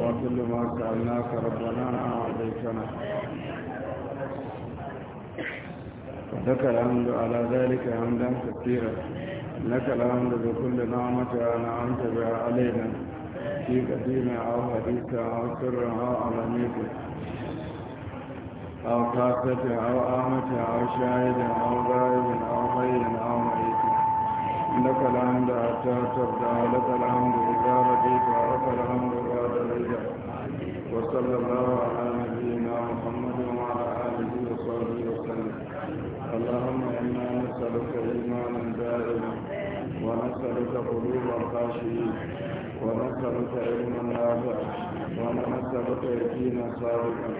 وكل ما سألناك ربنا أعطيتنا الحمد على ذلك حمدا كثيرا لك الحمد بكل نعمة أنعمت بها علينا في قديم أو حديث أو سر أو علميك أو خاصة أو آمة أو شاهد أو غائب أو غير أو معين لك الحمد حتى ترضى لك الحمد إذا رضيت ولك الحمد بعد رضا وصلى الله على نبينا محمد وعلى آله وصحبه وسلم اللهم إنا نسألك إيمانا دائما ونسألك قلوبا خاشعين ونسألك علما نافعا ونسألك يقينا صادقا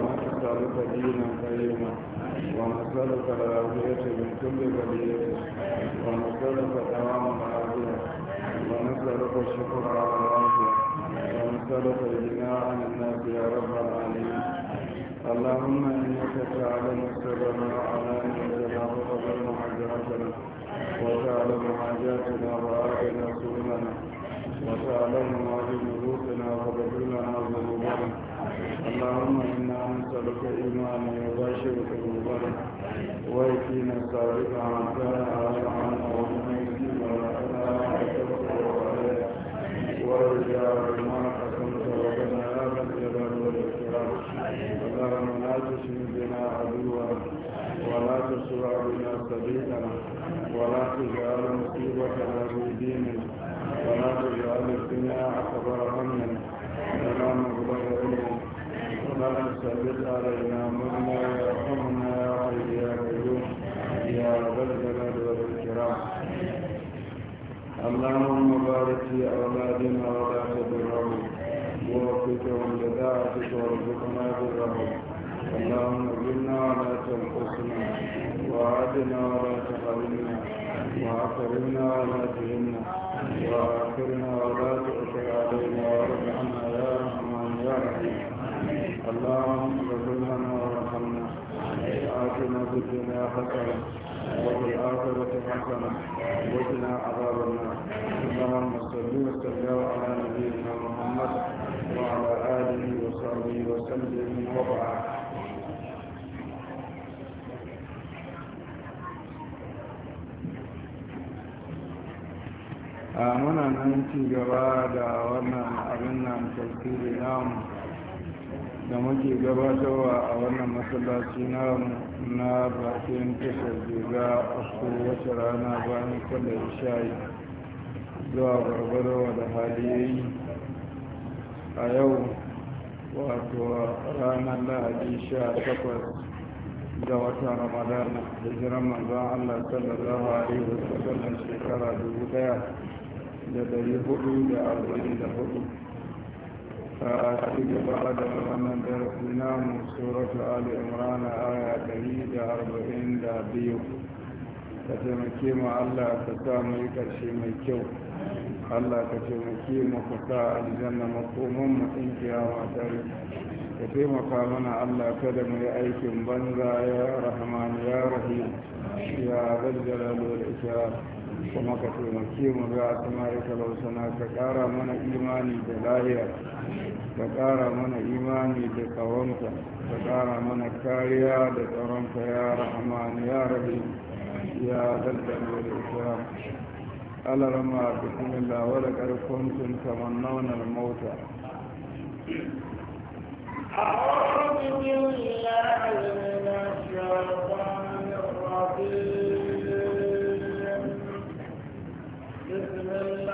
ونسألك نسألك دينا قيما ونسألك العافية من كل بلية ونسألك دوام العافية ونسألك الشكر على العافية ونسألك الغناء عن الناس يا رب العالمين اللهم إنك تعلم سرنا على أنزلنا وقبلنا حاجاتنا وتعلم حاجاتنا وآتنا سننا وتعلم ما في نفوسنا وغفر لنا ذنوبنا اللهم إنا نسألك إيمانا يباشر قلوبنا ويكينا صادقا عن سائر عنا ومن يكينا لنا وتوكل عليك وارجع بما قسمت ربنا يا ذا الجلال والإكرام اللهم لا تشرك بنا عدوا ولا تشرع بنا صديقنا ولا تجعل مصيبتنا في ديننا ولا تجعل الدنيا أكبر وثبت علينا منا وارحمنا يا حي يا قيوم يا ذا الجلال والاكرام اللهم بارك في اولادنا ولا تضرهم ووفقهم لدعوتك وارزقنا برهم اللهم اجبنا ولا تنقصنا وعدنا ولا تخذلنا واكرمنا حسنة وفي الآخرة حسنة وقنا عذاب النار اللهم صل وسلم على نبينا محمد وعلى آله وصحبه وسلم وبعد muna nan ci gaba da wannan abin nan tafsiri da muke gabatarwa a wannan masallaci na na bakin tashar jirga a kowace rana bayan sha yi zuwa barbarwa da haliyayi a yau wato ranar lahadi sha takwas da wata ramadan da jiran manzan allah sallallahu alaihi wasallam shekara dubu daya da dari hudu da arba'in da hudu فأتيك بعد فمن درسنا من سورة آل عمران آية دليل أربعين دابيو فتمكي مع الله تسامي كرشي ميكيو الله كتمكي مفتاء الجنة مقومم إن كياما تاري كتيما قامنا الله كدم لأيك بنزا يا رحمن يا رحيم يا ذا الجلال والإكرام kuma ka taimake mu ga asmarika lausana ka ƙara mana imani da lahiya ka ƙara mana imani da tsawonka ka ƙara mana kariya da tsaronka ya rahman ya rabi ya daddal da ikram Allah rama bismillah wa laqad kuntum tamannawna al-maut أعوذ بالله من الشيطان الرجيم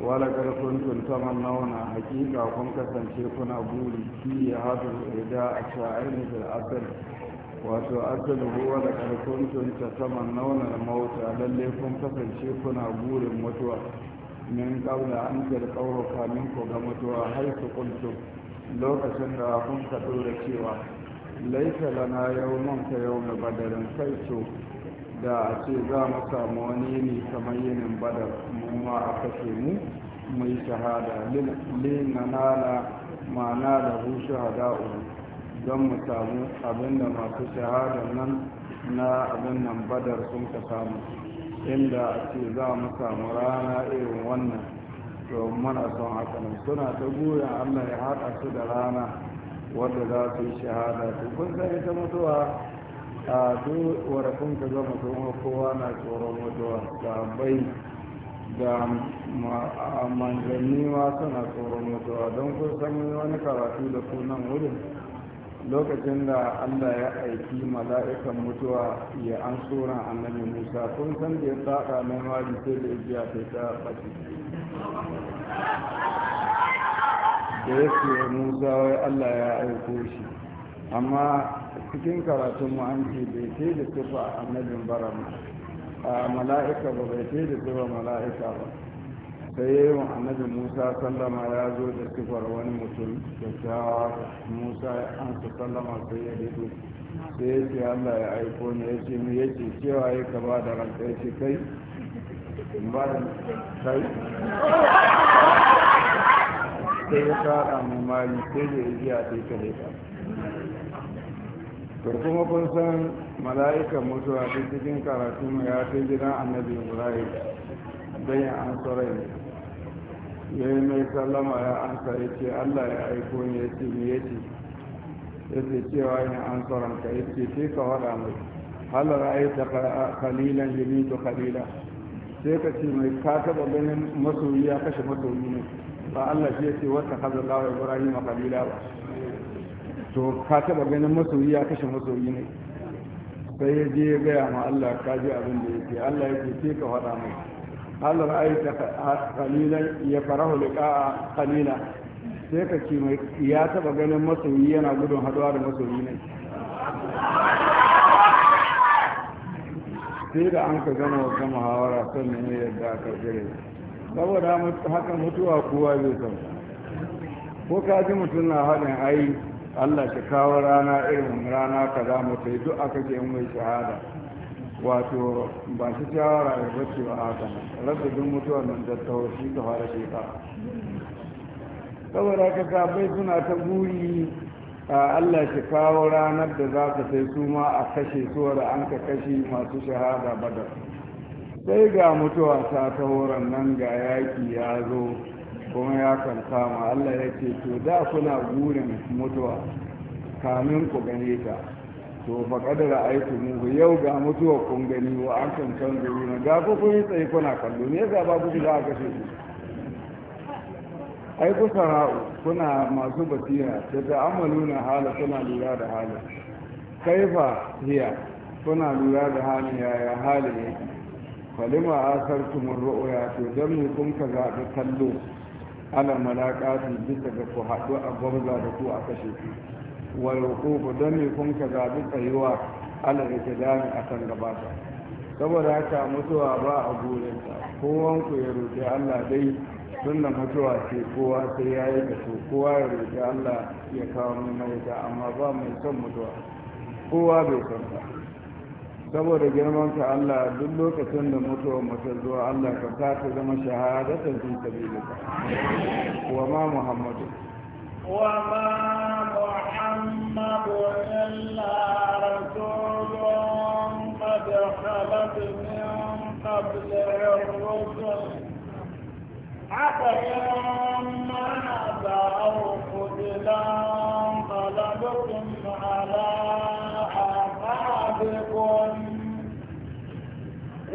Wala walakar kuntun nauna, hakika kun kasance kuna buri ki ya hadu da a sha'ayin fil'asar wato asali ruwa da karkuntun ta saman naunar mauta lalle kun kasance kuna burin mutuwa min kabla an karkauro kamin ku ga mutuwa har su kuntum lokacin da kun ka dora cewa laisa lana yau man ka yau na badarin kai da a ce za mu samu wani ne kamar yinin badar mu ma a kashe mu mu yi shahada linanala ma'ana da hu shahada uku don mu samu abinda masu shahada nan na abin nan badar sun ka samu inda a ce za mu samu rana irin wannan to mana son haka nan suna ta goyon allah ya haɗa su da rana wadda za su yi shahada to kun sai ita mutuwa a duk warafin ka zama kowa na tsoron mutuwa bai da manzanni ma suna tsoron mutuwa don kun san wani karatu da sunan wurin lokacin da allah ya aiki mala'ikan mutuwa ya an tsoron annabi musa kun san da ya saka mai mari sai da igiya ta ta da ya musa wai allah ya aiko shi amma cikin karatun mu an ce bai ce da tufa annabin bara a mala'ika ba bai ce da tufa mala'ika ba sai ya yi annabi musa sallama ya zo da sifar wani mutum da kyakkyawa musa an su sallama sai ya rido sai ya ce allah ya aiko ne ya ce mu ya ce cewa ya ka ba da ranka ya ce kai in ba da kai sai ya kada mu mali sai da ya ji a ɗaya to kuma kun san mala'ikan mutuwa duk cikin karatu ya fi gidan annabi ibrahim don ya an sarai ne ya yi mai sallama ya an sarai ce allah ya aiko ne ya ce ne ya ce ya ce cewa ya an sauran ka ya ce ce ka faɗa mai ta kalilan qalilan yamitu kalila sai ka ce mai ka taba ganin masoyi ya kashe masoyi ne ba allah shi ya ce wata kaza lawa ibrahim kalila ba to ka taba ganin masoyi ya kashe masoyi ne sai ya je ya gaya ma Allah ka ji abin da yake Allah yake ce ka faɗa mai Allah ra'aita qalilan ya farahu liqa'a kalila sai ka ce mai ya taba ganin masoyi yana gudun haduwa da masoyi ne sai da an ka gama wata muhawara sannan ya yarda ka jire saboda haka mutuwa kowa zai san ko ka ji mutum na haɗin ai Allah ka kawo rana irin rana ka za mu ta yi duk aka ke mai shahada wato ba shi shawara ya bace ba haka rabbi duk mutuwar nan da ta hoshi ta fara ka. saboda ka kafai suna ta guri Allah shi kawo ranar da za ka sai su ma a kashe su da an ka kashe masu shahada badar sai ga mutuwa ta ta horon nan ga yaki ya zo kuma ya kanta ma Allah ya ce to da kuna gurin mutuwa kamin ku gane ta to fa kadara aiku mu yau ga mutuwa kun gani wa an kan can gari na ga ku kun tsaye kuna kallo ne ga ba ku da aka ce ai ku sara'u kuna masu basira ta ta'amalu na hala kuna lura da hala. kaifa hiya kuna lura da ya yaya halin yake falima asartumur ya to dan ne kun ka zaɓi kallo Ana malaka su bisa ga ku haɗu a gwamza da ku a kashe ku wani wuqufu don ne kun ka zaɓi tsayuwa dami a akan gabata saboda haka mutuwa ba a gurinta kowan ya roƙi Allah dai tunda mutuwa ce kowa sai ya yi kaso, kowa ya roƙi Allah ya kawo mai maita amma ba mai son mutuwa kowa bai san saboda girman ka Allah duk lokacin da mutuwar mutum zuwa Allah ka sa ta zama shahadatar fi sabilika wa ma Muhammadu wa ma Muhammadu illa rasulun qad khalat min qabl ar-rusul afa yamma ba'u qutilan qalbukum ala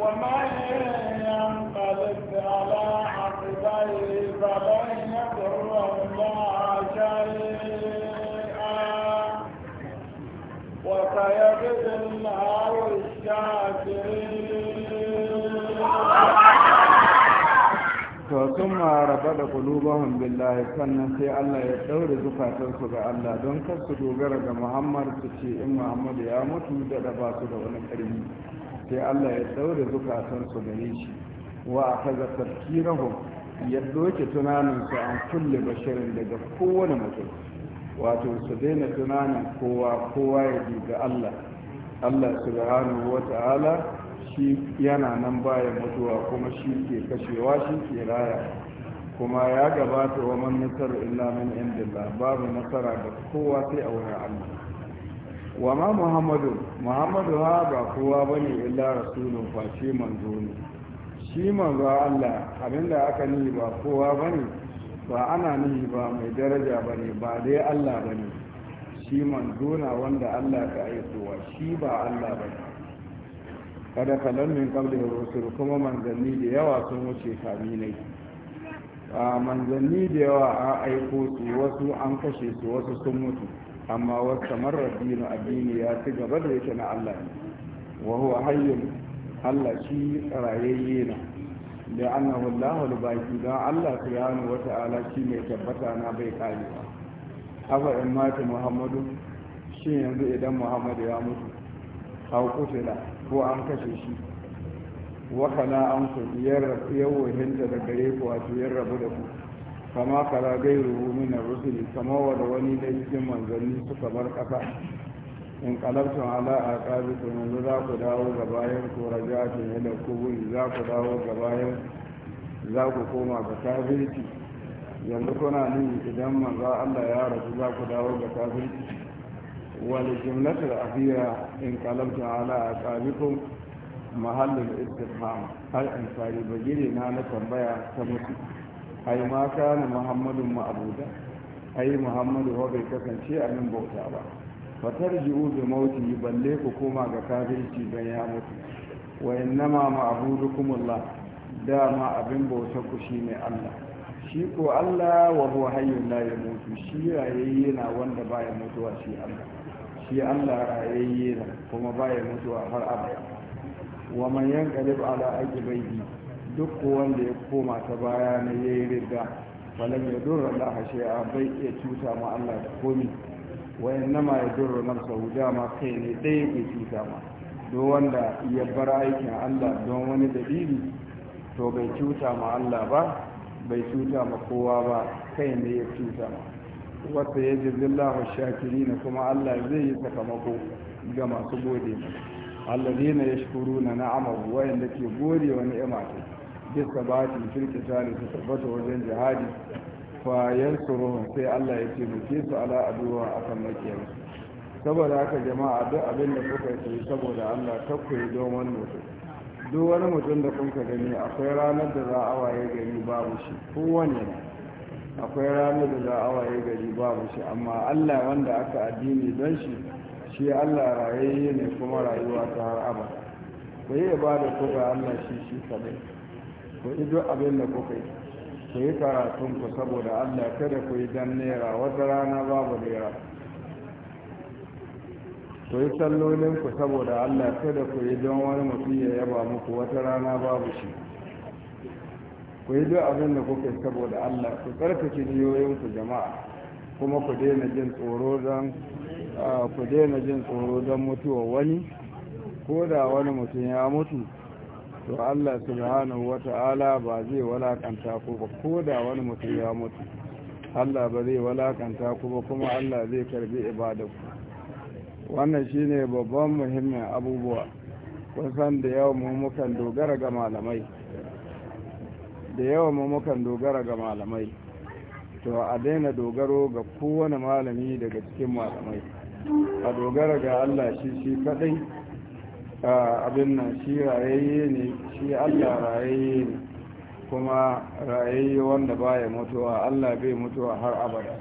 ومن ينقلب على عقبيه فلن يضر الله شيئا وسيجزي الله الشاكرين to sun ma raba da kulubahun billahi sannan sai Allah ya ɗaure zukatansu ga Allah don kar su dogara ga Muhammad su ce in Muhammad ya mutu da ba su da wani ƙarfi sai Allah ya daure zukatan su gare shi wa akaza tafkirahum ya doke tunaninsu an kulle bashirin daga kowane mutum wato su daina tunanin kowa kowa ya ga Allah Allah subhanahu wata'ala shi yana nan bayan mutuwa kuma shi ke kashewa shi ke raya kuma ya gabata wa man nasar illa min indillah babu nasara ga kowa sai a wurin Allah wa ma muhammadu muhammadu ha ba kowa ba ne illa rasulun face manzo ne shi manzo allah abinda aka nihi ba kowa ba ne ba ana nihi ba mai daraja ba ne ba dai allah ba ne shi manzo na wanda allah ka aikowa shi ba allah ba ne kada kalan min kabli rusul kuma manzanni da yawa sun wuce kaminai a manzanni da yawa a aiko su wasu an kashe su wasu sun mutu amma wata marar dinu addini ya ci gaba da yake na Allah ne wa huwa hayyun Allah shi rayayye na da annahu Allahul baki don Allah subhanahu wa ta'ala shi mai tabbata na bai kare ba haka in mata Muhammadu shi yanzu idan Muhammadu ya mutu au kutila ko an kashe shi wakala an ku yarrabu yawo hinta da gare ku wato yarrabu da ku kama kara gairu min rusuli kama wanda wani na cikin manzanni suka bar kasa in kalabtun ala a ƙabi yanzu za ku dawo ga bayan ko rajatun ila kuburi za ku dawo ga bayan za ku koma ga kafirci yanzu kuna nuni idan manzo Allah ya rasu za ku dawo ga kafirci wal jumlatul akhira in kalabtun ala a ƙabikum mahallul istifham har in fari bagire na na tambaya ta mutu ai ma kana muhammadun ma'abuda ai muhammadu wa bai kasance a nan bauta ba fatar ji'u bi mauti balle ku koma ga kafirci don ya mutu wa innama Da dama abin bauta ku shi shine Allah shi ko Allah wa huwa hayyun la yamutu shi rayayye na wanda baya mutuwa shi Allah shi Allah rayayye na kuma baya mutuwa har abada wa man yanqalib ala ajbayhi duk wanda ya koma ta baya na yi ridda falan ya durra hashe a bai iya cuta ma Allah da komi wayan nama ya durra nafsahu dama kai ne ɗaya ke cuta ma duk wanda ya bar aikin Allah don wani dalili to bai cuta ma Allah ba bai cuta ma kowa ba kai ne ya cuta ma wata ya shakiri na kuma Allah zai yi sakamako ga masu gode masa na yashkuruna na'amahu wayanda ke gode wani ya bisa ba shirki tare su tabbata wajen jihadi fa suruhun sai allah ya ce muke su ala aduwa a kan saboda haka jama'a duk abin da kuka yi saboda allah takwai don wani mutum duk wani mutum da kun gani akwai ranar da za a waye gari babu shi kowane akwai ranar da za a waye gari babu shi amma allah wanda aka addini don shi shi allah rayayye ne kuma rayuwa ta har abada ku yi ibada ko ga allah shi shi kadai to ido abin da kuka yi ku yi karatun ku saboda allah kada ku yi dan naira wata rana babu naira ku yi sallolin ku saboda allah kada ku yi don wani mutum ya yaba muku wata rana babu shi ku yi duk abin da kuka yi saboda allah ku tsarkake niyoyinku jama'a kuma ku daina jin tsoro don ah, ku daina jin tsoro don mutuwa wani ko da wani mutum ya mutu to Allah subhanahu wata'ala ba zai walakanta ku ba ko da wani mutum ya mutu Allah ba zai walakanta ku ba kuma Allah zai karbi ibadarku wannan shine babban muhimmin abubuwa kun san da yawan mu dogara ga malamai da yawan mu dogara ga malamai to a daina dogaro ga kowane malami daga cikin malamai a dogara ga Allah shi shi kadai abin nan shi rayayye ne shi allah rayayye ne kuma rayayye wanda baya mutuwa allah bai mutuwa har abada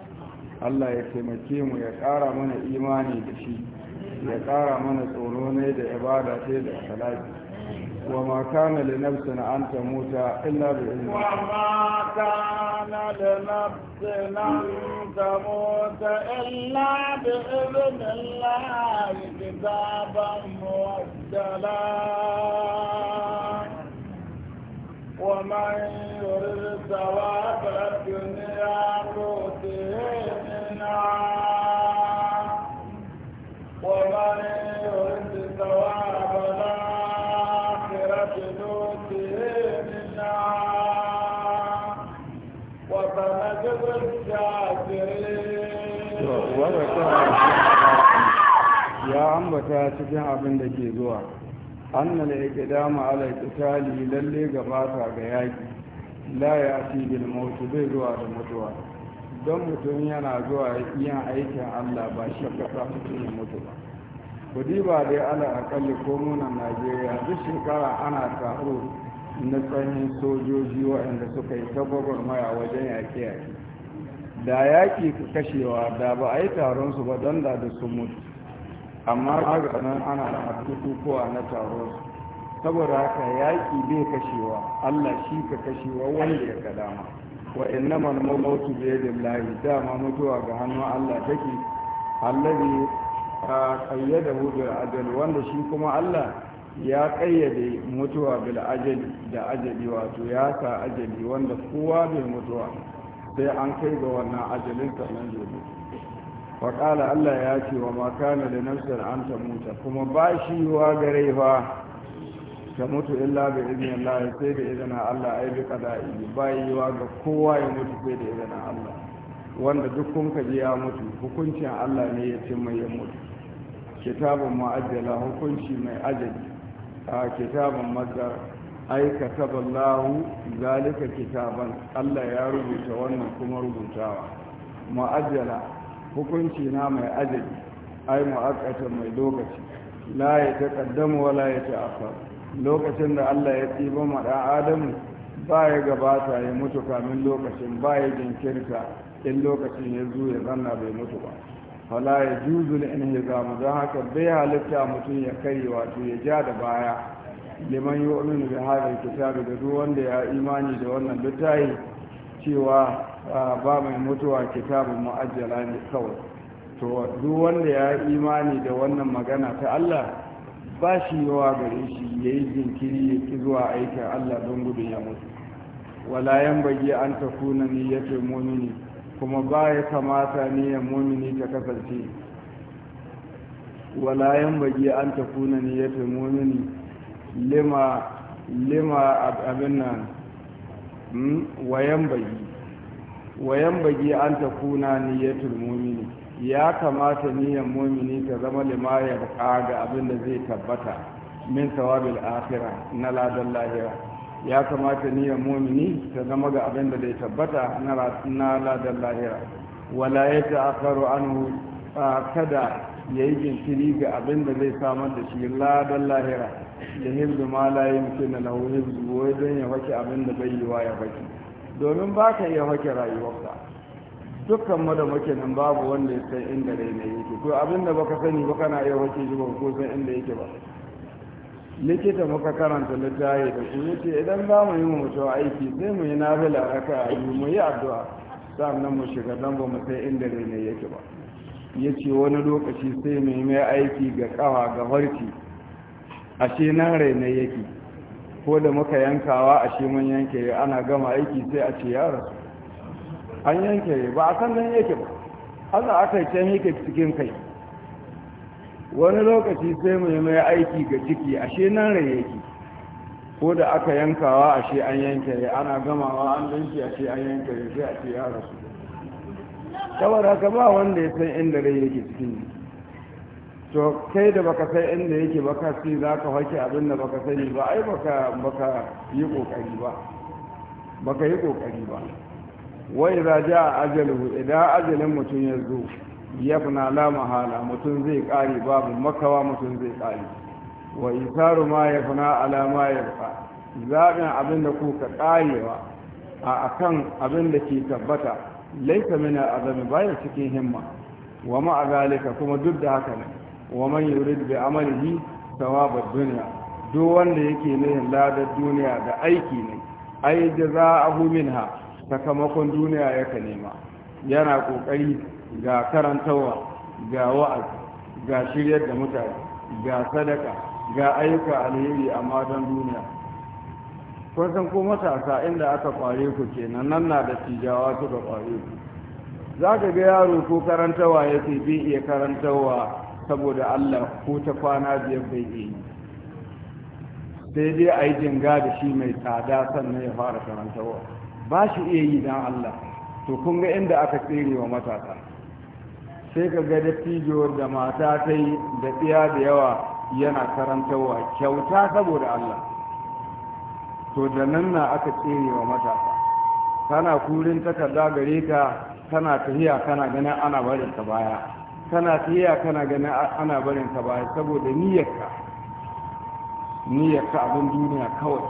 allah ya taimake mu ya ƙara mana imani da shi ya ƙara mana tsoro ne da ibada sai da salati وما كان لنفس أن تموت إلا بإذن الله وما كان لنفس أن تموت إلا بإذن الله كتابا مؤجلا ومن يرد ثواب الدنيا نؤته منها ومن يرد ثواب ya ambata cikin abin da ke zuwa annal iqdama ala qitali lalle gabata ga yaki la ya'ti bil maut bai zuwa da mutuwa don mutum yana zuwa yin aikin Allah ba shakka ta mutum ya mutu ba kudi ba dai ala akalli ko munan Najeriya duk shekara ana taro na tsanin sojoji waɗanda suka yi ta gwagwarmaya wajen yaƙe-yaƙe da yaƙi ka kashewa da ba a yi taron su ba don da da sun mutu amma ga nan ana da bukukuwa na taron su saboda haka yaƙi bai kashewa Allah shi ka kashewa wanda ya kadama wa inna man bai da lahi dama mutuwa ga hannun Allah take allazi da da ajali, wanda shi kuma Allah ya kayyade mutuwa bil ajali da ajali wato ya sa ajali wanda kowa bai mutuwa sai an kai ga wannan ajalin nan zai wa kala allah ya ce wa na da nafsar an ta muta kuma ba shi wa gare fa ta mutu illa bi izinin allah sai da izinin allah ai bi qada'i ba yi wa ga kowa ya mutu sai da izinin allah wanda duk kun ji ya mutu hukuncin allah ne ya ce mai ya mutu kitabun ma'ajala hukunci mai ajali a kitabun mazara ai taballahu zalika kitaban Allah ya rubuta wannan kuma rubutawa mu'ajjala hukunci na mai ajali ai mu'akkata mai lokaci la ya taqaddamu wa ya ta'akhkhar lokacin da Allah ya tsiba ma da Adamu ba ya gabata ya mutu kamin lokacin ba ya jinkirta in lokacin ya zo ya zanna bai mutu ba fala ya juzu lil inhizam don haka bai halitta mutum ya kai wato ya ja da baya liman yu'minu da hadal kitabi da duk wanda ya imani da wannan littafi cewa ba mai mutuwa kitabun mu'ajjala ne kawai to duk wanda ya imani da wannan magana ta Allah ba shi yawa gare shi ya yi jinkiri ya ki zuwa aikin Allah don gudun ya mutu wala yan bagi an ya ce mu'mini kuma ba ya kamata ni ya mu'mini ta kasance wala yan bagi an ya ce mu'mini lima lima abin nan hmm, wayan bagi wayan bagi an ta kuna niyyatul mumini ya kamata niyyar mumini ta zama limayar ga abin da zai tabbata min sawabil akhira na ladan lahira ya kamata niyyar mumini ta zama ga abin da zai tabbata na ladan lahira wala ya ta'akharu anhu kada yi jinkiri ga abin da zai samar da shi ladan lahira da hibdu ma la yumkinu lahu hibdu wai don ya fake abin da bai wa ya fake domin ba ka iya fake rayuwarka dukkan mu muke nan babu wanda ya san inda rai ne yake to abin da baka sani ba kana iya fake shi ko san inda yake ba likita muka karanta littafi da ku yace idan za mu yi mutum aiki sai mu yi nafila yi mu yi addu'a sannan mu shiga dan ba mu san inda rai ne yake ba yace wani lokaci sai mai mai aiki ga kawa ga harki ashe nan raina yake ko da muka yankawa ashe mun yanke ana gama aiki sai a ce ya rasu an yanke ba a san nan yake ba Allah aka yi can yake cikin kai wani lokaci sai mai mai aiki ga ciki ashe nan rai yake ko da aka yankawa ashe an yanke ana gamawa an danci ashe an yanke sai a ce ya rasu saboda haka ba wanda ya san inda rai yake cikin to kai da baka sai inda yake baka ce za ka hake abin da baka sani ba ai baka yi kokari ba baka yi kokari ba wai za ja ajalu idan ajalin mutum ya zo ya fina la mahala mutum zai kare babu makawa mutum zai kare wa isaru ma ya fina alama ya fa zaɓin abin da ku ka karewa a akan abin da ke tabbata laisa mina azami bayan cikin himma wa ma'a zalika kuma duk da haka ne wa man yurid bi amalihi ad dunya duk wanda yake nihin ladar duniya da aiki ne ay jaza'ahu minha sakamakon duniya yake nema yana kokari ga karantawa ga wa'azi ga shiryar da mutane ga sadaka ga ayyuka alheri a don duniya san ko matasa inda aka kware ku kenan nan na da tijawa suka kware ku za ga yaro ko karantawa ya bi iya karantawa saboda Allah ko ta kwana biyar bai yi sai dai a yi jinga da shi mai tsada sannan ya fara karantarwa ba shi iya yi don Allah to kun ga inda aka tsere wa matasa sai ka ga dattijo da mata ta yi da tsiya da yawa yana karantarwa kyauta saboda Allah to da nan na aka tsere wa matasa kana kurin takarda gare ka kana tafiya kana ganin ana barin baya kana tafiya kana ganin ana barin ka baya saboda niyyarka niyyarka abin duniya kawai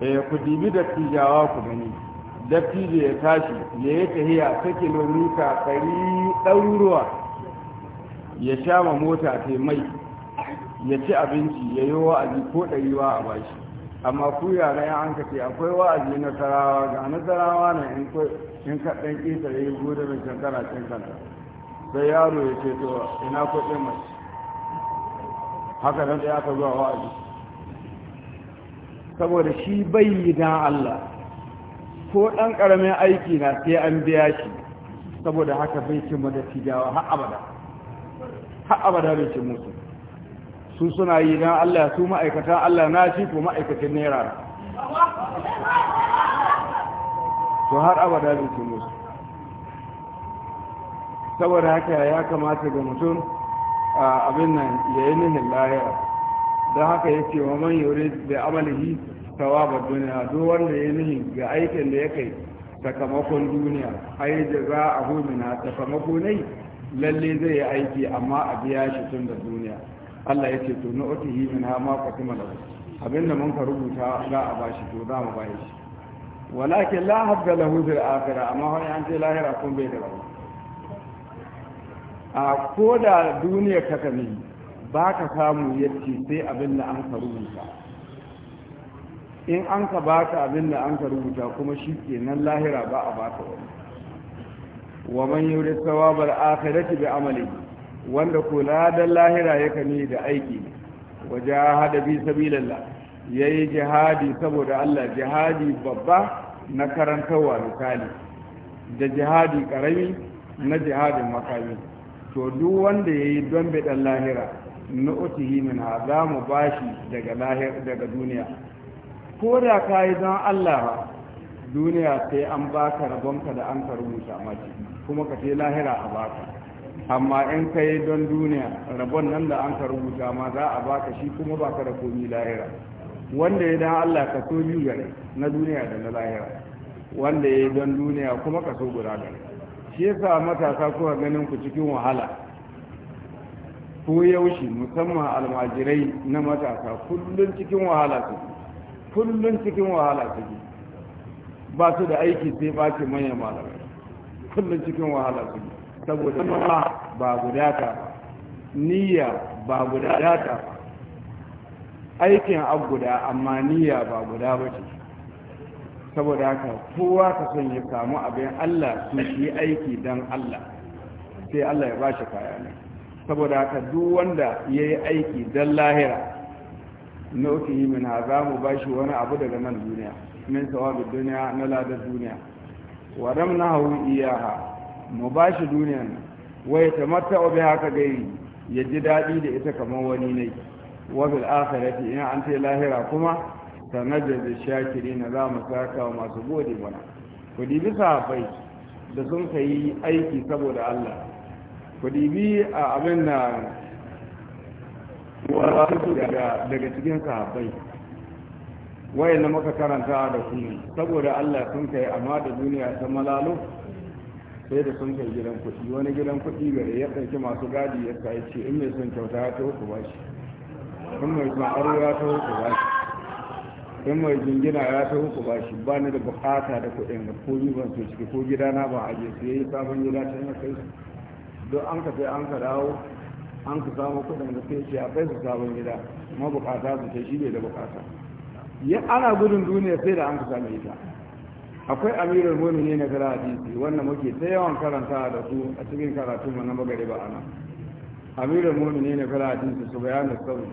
eh ku dibi da tijawa ku gani dattijo ya tashi ya yi tahiya ta kilomita ɗari ɗaruruwa ya sha ma mota ta mai ya ci abinci ya yi wa'azi ko ɗari a bashi amma ku yara ya an kace akwai wa'azi na tarawa ga na tarawa ne in ko in ka dan kisa yayi gode da shankara cin kanta sai yaro ya ce to ina din mace haka nan sai aka zuwa wa'azi saboda shi bai yi dan Allah ko dan karamin aiki na sai an biya shi saboda haka bai cin mu da tijawa har abada har abada bai cin musu su suna yi don Allah su ma'aikatan Allah na shi ko ma'aikacin naira to har abada bin su musu saboda haka ya kamata ga mutum a abin nan ya yi nihin lahira don haka ya ce wa man yore da amalihi tawabar duniya duk wanda ya nihin ga aikin da ya kai sakamakon duniya ai da za a hulmina sakamako ne lalle zai yi aiki amma a biya shi tun da duniya Allah ya ce to na otu yi min ha ma kwatima da abinda mun ka rubuta za a bashi to za mu bashi shi walakin la habda lahu fil akhirah amma wani an ce lahira kun bai da rabu a ko da duniyar ka kame ba ka samu yacce sai abin da an ka rubuta in an ka baka abin da an ka rubuta kuma shi ke nan lahira ba a baka wani wa man yuri sawabar akhirati bi amalihi wanda kula da lahira ya kani da aiki waje hada bi sabilillah yayi jihadi saboda Allah jihadi babba na karantawa misali da jihadi karami na jihadin makami to duk wanda yayi don bidan lahira na utihi min za mu bashi daga lahir daga duniya ko da kai don Allah duniya sai an baka rabonka da an karbu shi kuma ka lahira a baka amma in ka yi don duniya rabon nan da an ka rubuta ma za a baka shi kuma ba ka da komi lahira wanda ya dan Allah ka so biyu gare na duniya da na lahira wanda ya yi don duniya kuma ka so guda gare shi yasa matasa kuka ganin ku cikin wahala ko yaushe musamman almajirai na matasa kullum cikin wahala su kullum cikin wahala su ba su da aiki sai ɓace manyan malamai kullum cikin wahala suke saboda ba ba ta niyya ba guda ta aikin abu guda amma niyya ba guda ba ce saboda haka kowa ka son ya samu abin Allah su yi aiki don Allah sai Allah ya ba shi kaya ne saboda haka duk wanda ya yi aiki don lahira na uku yi mina za mu ba shi wani abu daga nan duniya min sawabi duniya na ladar duniya wa ramna hau iyaha mu ba shi duniya wai ta mata obi haka gari ya ji daɗi da ita kamar wani ne wabil akhirati in an ta lahira kuma sanajar da shakiri na za mu saka wa masu gode mana ku dibi sahabbai da sun kai aiki saboda Allah ku dibi a abin da wasu daga cikin sahabbai wayan muka karanta da kuma saboda Allah sun kai amma da duniya ta malalo sai da sun kai gidan kuɗi wani gidan kuɗi gare ya ɗauki masu gadi ya sa ce in mai son kyauta ya taho ku bashi in mai son aro ya taho ku bashi in mai jingina ya taho ku bashi ba ni da bukata da kuɗin da ko yi ban so ciki ko gidana ba a je su yayi sabon gida ta ya kai su don an ka sai an ka dawo an ka samu kuɗin da sai ce a kai su sabon gida mabukata su ce shi ne da bukata ana gudun duniya sai da an ka sami ita akwai amirul ne na gara hadisi wannan muke ta yawan karanta da su a cikin karatu na ba ana amirul ne na gara hadisi su bayanu sabu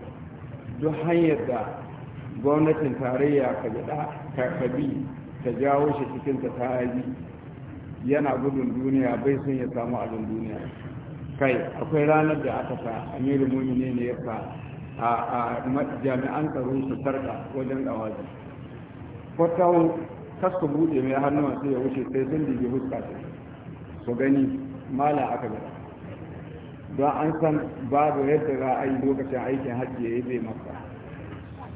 duk hanyar da gwamnatin tarayya ka bi ta jawo shi cikin ta tayi yana gudun duniya bai san ya samu abin duniya kai akwai ranar da aka sa amirul ne ya sa a jami'an tsaro su sarka wajen dawaji kwatau kas buɗe mai hannuwa sai ya wuce sai sun dige huska su su gani mala aka gaba don an san babu yadda za a yi lokacin aikin hajji ya yi zai masa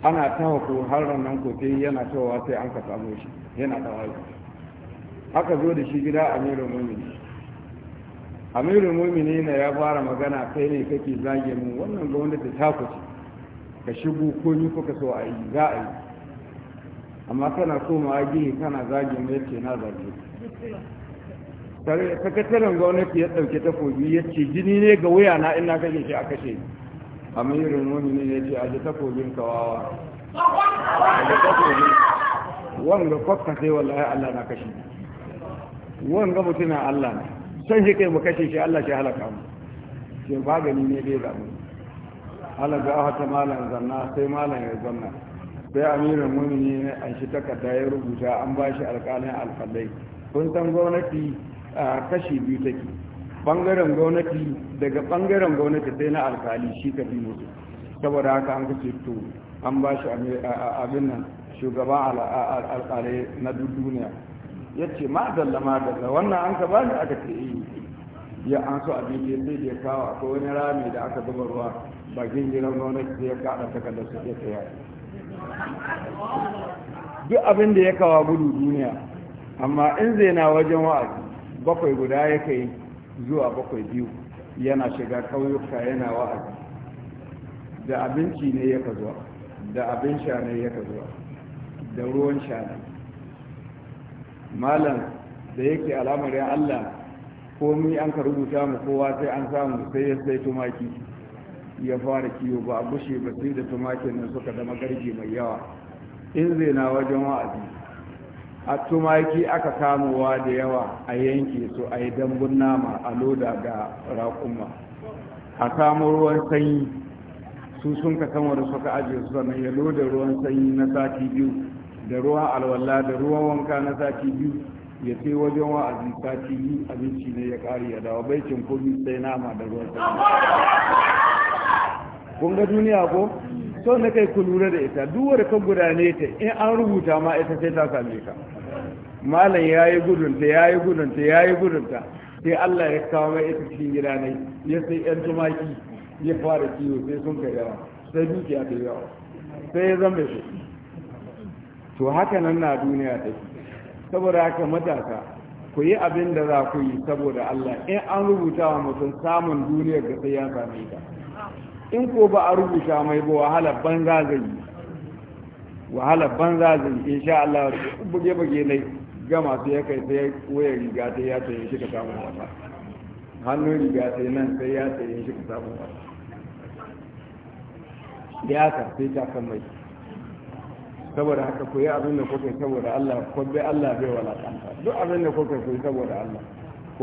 ana ta ko har nan ko yana cewa sai an ka samu shi yana wajen aka zo da shi gida amirul mu'minin amirul mu'minin ya fara magana kai ne kake zage mu wannan gwamnati ta kuce ka shigo ko ni kuka so a yi za a yi amma kana so ma gini kana zagi mai ce na zagi sakataren gwamnati ya ɗauke takobi ya ce jini ne ga wuya na ina kake shi a kashe amirin wani ne ya ce a ji takobin kawawa a ji wanga kwakka sai wallahi allah na kashe wanga mutuna allah na san shi kai mu kashe shi allah shi halaka mu ce magani ne dai zamu halaga a wata malam zanna sai malam ya zanna sai amirin mumini ne an shi takarda ya rubuta an ba shi alƙalin alƙalai kun san gwamnati kashi biyu take bangaren gwamnati daga bangaren gwamnati sai na alƙali shi ka fi mutu saboda haka an kace to an ba shi abin nan shugaban alƙalai na duk duniya ya ce ma zalla ma zalla wannan an ka ba ni aka ce eh. ya an so abin da sai da ya kawo akwai wani rami da aka zuba ruwa bakin gidan gwamnati sai ya kaɗa takardar su ya tsaya duk abin da ya kawo gudu duniya amma in zai na wajen wa'azi bakwai guda ya kai zuwa bakwai biyu yana shiga ƙauyuka yana wa'azi da abinci ne ya ka zuwa da abin sha ne ya ka zuwa da ruwan sha ne malam da yake alamar ya allah komi an ka rubuta mu kowa sai an samu sai ya sai tumaki ya fara kiwo ba a bushe ba sai da tumakin nan suka zama garge mai yawa in zai na wajen wa'azi a tumaki aka kamowa da yawa a yanke su a yi dambun nama a loda ga raƙuma a kamo ruwan sanyi su sun ka kama da suka ajiye su sannan ya loda ruwan sanyi na sati biyu da ruwan alwala da ruwan wanka na sati biyu ya sai wajen wa'azi sati biyu abinci ne ya ƙari ya dawa baikin komi sai nama da ruwan sanyi kun ga duniya ko so na kai ku lura da ita duk wanda ka gudane ta in an rubuta ma ita sai ta same ka malam ya yi gudunta ya yi gudunta ya yi gudunta sai allah ya kawo mai ita cikin gida ne ya sai yan tumaki ya fara kiwo sai sun kai yawa sai dukiya ta yawa sai ya zama shi to haka nan na duniya take saboda haka matasa ku yi abin da za ku yi saboda allah in an rubuta wa mutum samun duniyar da sai ya same ka in ko ba a rubuta mai ba wahala banza zai yi wahalar banza zai yi insha Allah buge buge ne gama sai ya kai sai waya riga ta ya tsaye shi ka samu wata hannun riga ta nan sai ya tsaye shi ka samu wata ya ka sai ta kan mai saboda haka ku yi abin da kuke saboda Allah ko bai Allah bai walakanta duk abin da kuka yi saboda Allah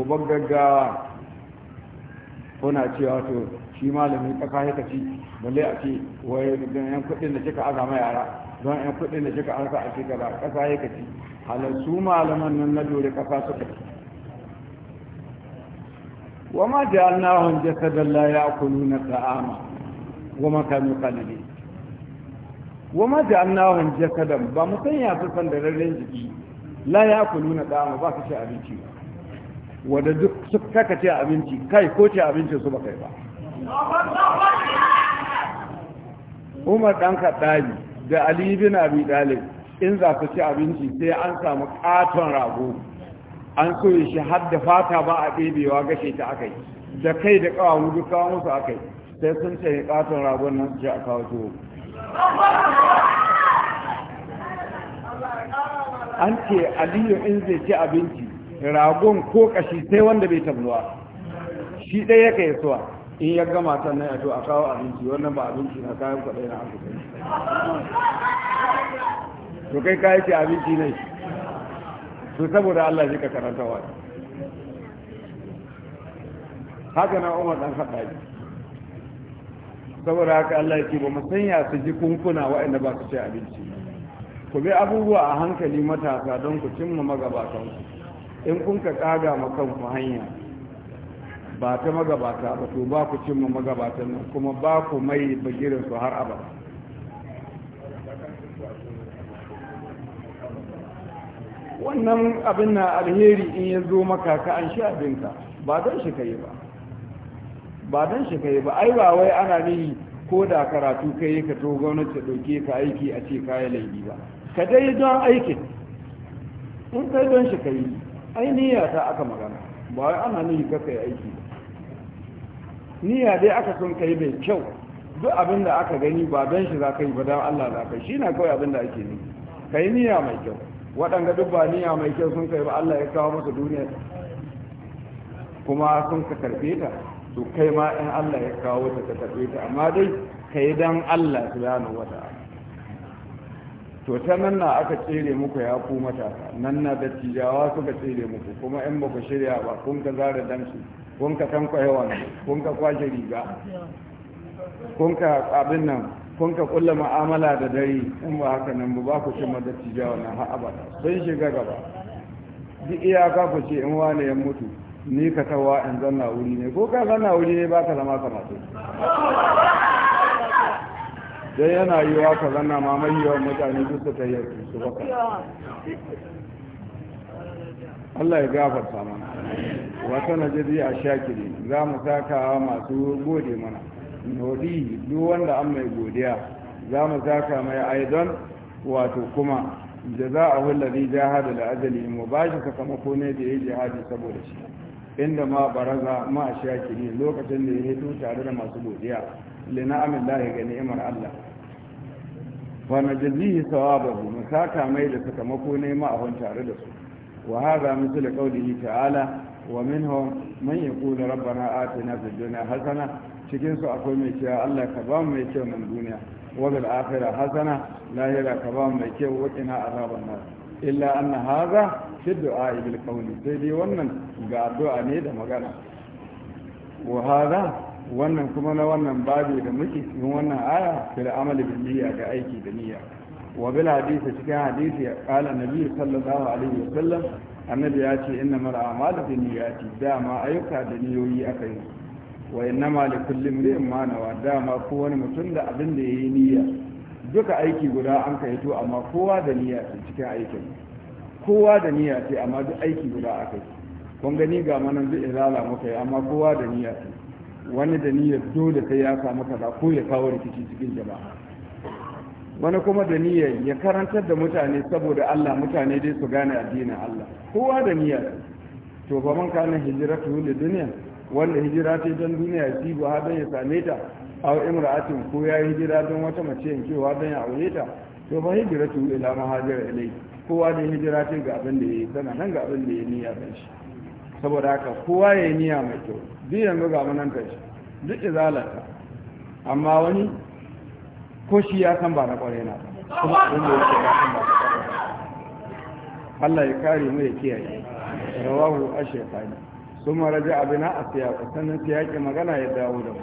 ku bar gaggawa kuna cewa to shi malami kaka ya kaci balle a ce wai don yan kuɗin da kika aza yara don yan kuɗin da kika aza a shekara kasa ya kaci halar su malaman nan na dore kasa suka ci wa ma ja'alnahum jasadan la ya'kuluna ta'ama wa ma kanu qalilin wa ma ja'alnahum jasadan ba mu sanya su rarren jiki la ya'kuluna ta'ama ba su ci abinci wa da duk suka kace abinci kai ko ci abincin su ba kai ba umar ɗan kaɗari da ali bin abi ɗalib in za ku ci abinci sai an samu ƙaton rago an soye shi har da fata ba a ɗebewa gashe ta akai da kai da ƙawamu duk kawo musu akai sai sun ce ƙaton ragon nan ji a kawo tuwo an ce aliyu in zai ci abinci ragon ko ƙashi sai wanda bai tabluwa shi ɗaya ya yi suwa in ya gama ta nan to a kawo abinci wannan ba abinci na kayan kwaɗe na afirka to kai kayan ce abinci ne to saboda allah shi ka karanta wa haka na umar ɗan haɗari saboda haka allah ya ce ba mu sanya su ji kunkuna waɗanda ba su ce abinci ku bi abubuwa a hankali matasa don ku cimma ku. in kun ka kaga ma ku hanya ba ta magabata ba to ba ku cimma magabatan nan kuma ba ku mai bagirin su har abada wannan abin na alheri in ya zo maka ka an sha abinka ba don shi ka yi ba ba don shi ka yi ba ai ba wai ana nihi ko da karatu ka yi ka to gwamnati ɗauke ka aiki a ce kayan laifi ba ka dai don aikin in kai don shi ka yi ai niyya ta aka magana ba wai ana nihi ka kai aiki niyya dai aka sun kai mai kyau duk abin da aka gani ba don shi za ka yi ba don Allah za ka yi shi na kawai abin da ake nufi ka yi niyya mai kyau waɗanda duk ba niyya mai kyau sun kai ba Allah ya kawo masa duniya kuma sun ka karɓe ta to kai ma in Allah ya kawo ta ka karɓe ta amma dai ka yi don Allah su yana wata. to ta nan na aka tsere muku ya ku matasa nan na dattijawa suka tsere muku kuma in ba ku shirya ba kun ka zara damshi kun ka san wani kun ka kwashe riga kun ka abin nan kun ka kulla ma'amala da dare in ba haka nan ba ku ce da tijawa na ha abada sun shiga gaba duk iyaka ku ce in wane ya mutu ni ka tawa in zanna wuri ne ko ka zanna wuri ne ba ka zama kamata dai yana yiwa ka zanna mamayewa mutane duk su ta yi su baka Allah ya gafarta mana wata najadi a shakiri za mu saka masu gode mana nodi duk wanda an mai godiya za mu saka mai aidan wato kuma jaza'ahu hulari jahada da ajali mu bashi sakamako ne da yayi jihadi saboda shi inda ma baraza ma shakiri lokacin da ya hito tare da masu godiya li na'amin lahi ga ni'imar Allah wa najzihi sawabahu mu saka mai da sakamako ne ma a tare da su وهذا مثل قوله تعالى ومنهم من يقول ربنا آتنا في الدنيا حسنة cikin su akwai mai cewa Allah ka ba mai kyau nan duniya wa bil akhirah hasana lahira ka ba mu mai kyau wa qina azaban nar illa anna hadha fi du'a bil qawli sai dai wannan ga addu'a ne da magana wa wannan kuma na wannan babi da muke cikin wannan aya fil amali bil niyya ga aiki da niyya wa bil hadisi cikin hadisi ya kala nabi sallallahu alaihi sallam annabi ya ce inna mara amalu bi niyyati dama ayyuka da niyoyi aka yi wa inna ma li kulli imrin ma nawa dama mutum da abin da yayi niyya duka aiki guda an kai to amma kowa da niyya ce cikin aikin kowa da niyya ce amma duk aiki guda aka yi kun gani ga manan duk izala muka yi amma kowa da niyya ce wani da niyyar dole sai ya samu kaza ko ya kawo rikici cikin jama'a wani kuma da niyyar ya karantar da mutane saboda Allah mutane dai su gane addinin Allah kowa da niyyar to fa man kana hijratu lil dunya wanda hijira ta don duniya ya ci ba don ya same ta aw imra'atin ko ya hijira don wata mace wa don ya aure ta to fa hijratu ila mahajir ilai kowa da hijira ta ga abin da yayi sana nan ga abin da yayi niyya kan shi saboda haka kowa yayi niyya mai kyau duk yanzu ga nan kan shi duk izalata amma wani ko shi ya san ba na kwarai na kuma abin da yake ba san ba na kwarai Allah ya kare mu ya kiyaye rawahu ash-shaykhani kuma raja abina a siyaka sannan sai siyaki magana ya dawo da mu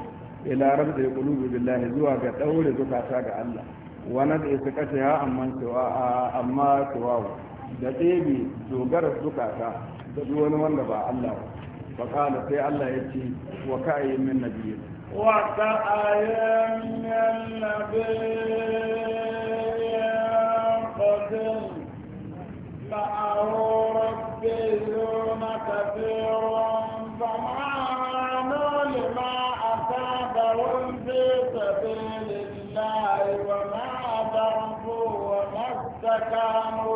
ila rabbi qulubi billahi zuwa ga daure zukata ga Allah wa nad isqata ya amman tuwa amma tuwa da tsebi dogara zukata da duk wani wanda ba Allah ba fa sai Allah ya ce wa ka'ayyin min nabiyyi وكأي من النبي قتل معه ربيون كثير فما آمنوا لما أصابهم في سبيل الله وما ضربوا وما استكانوا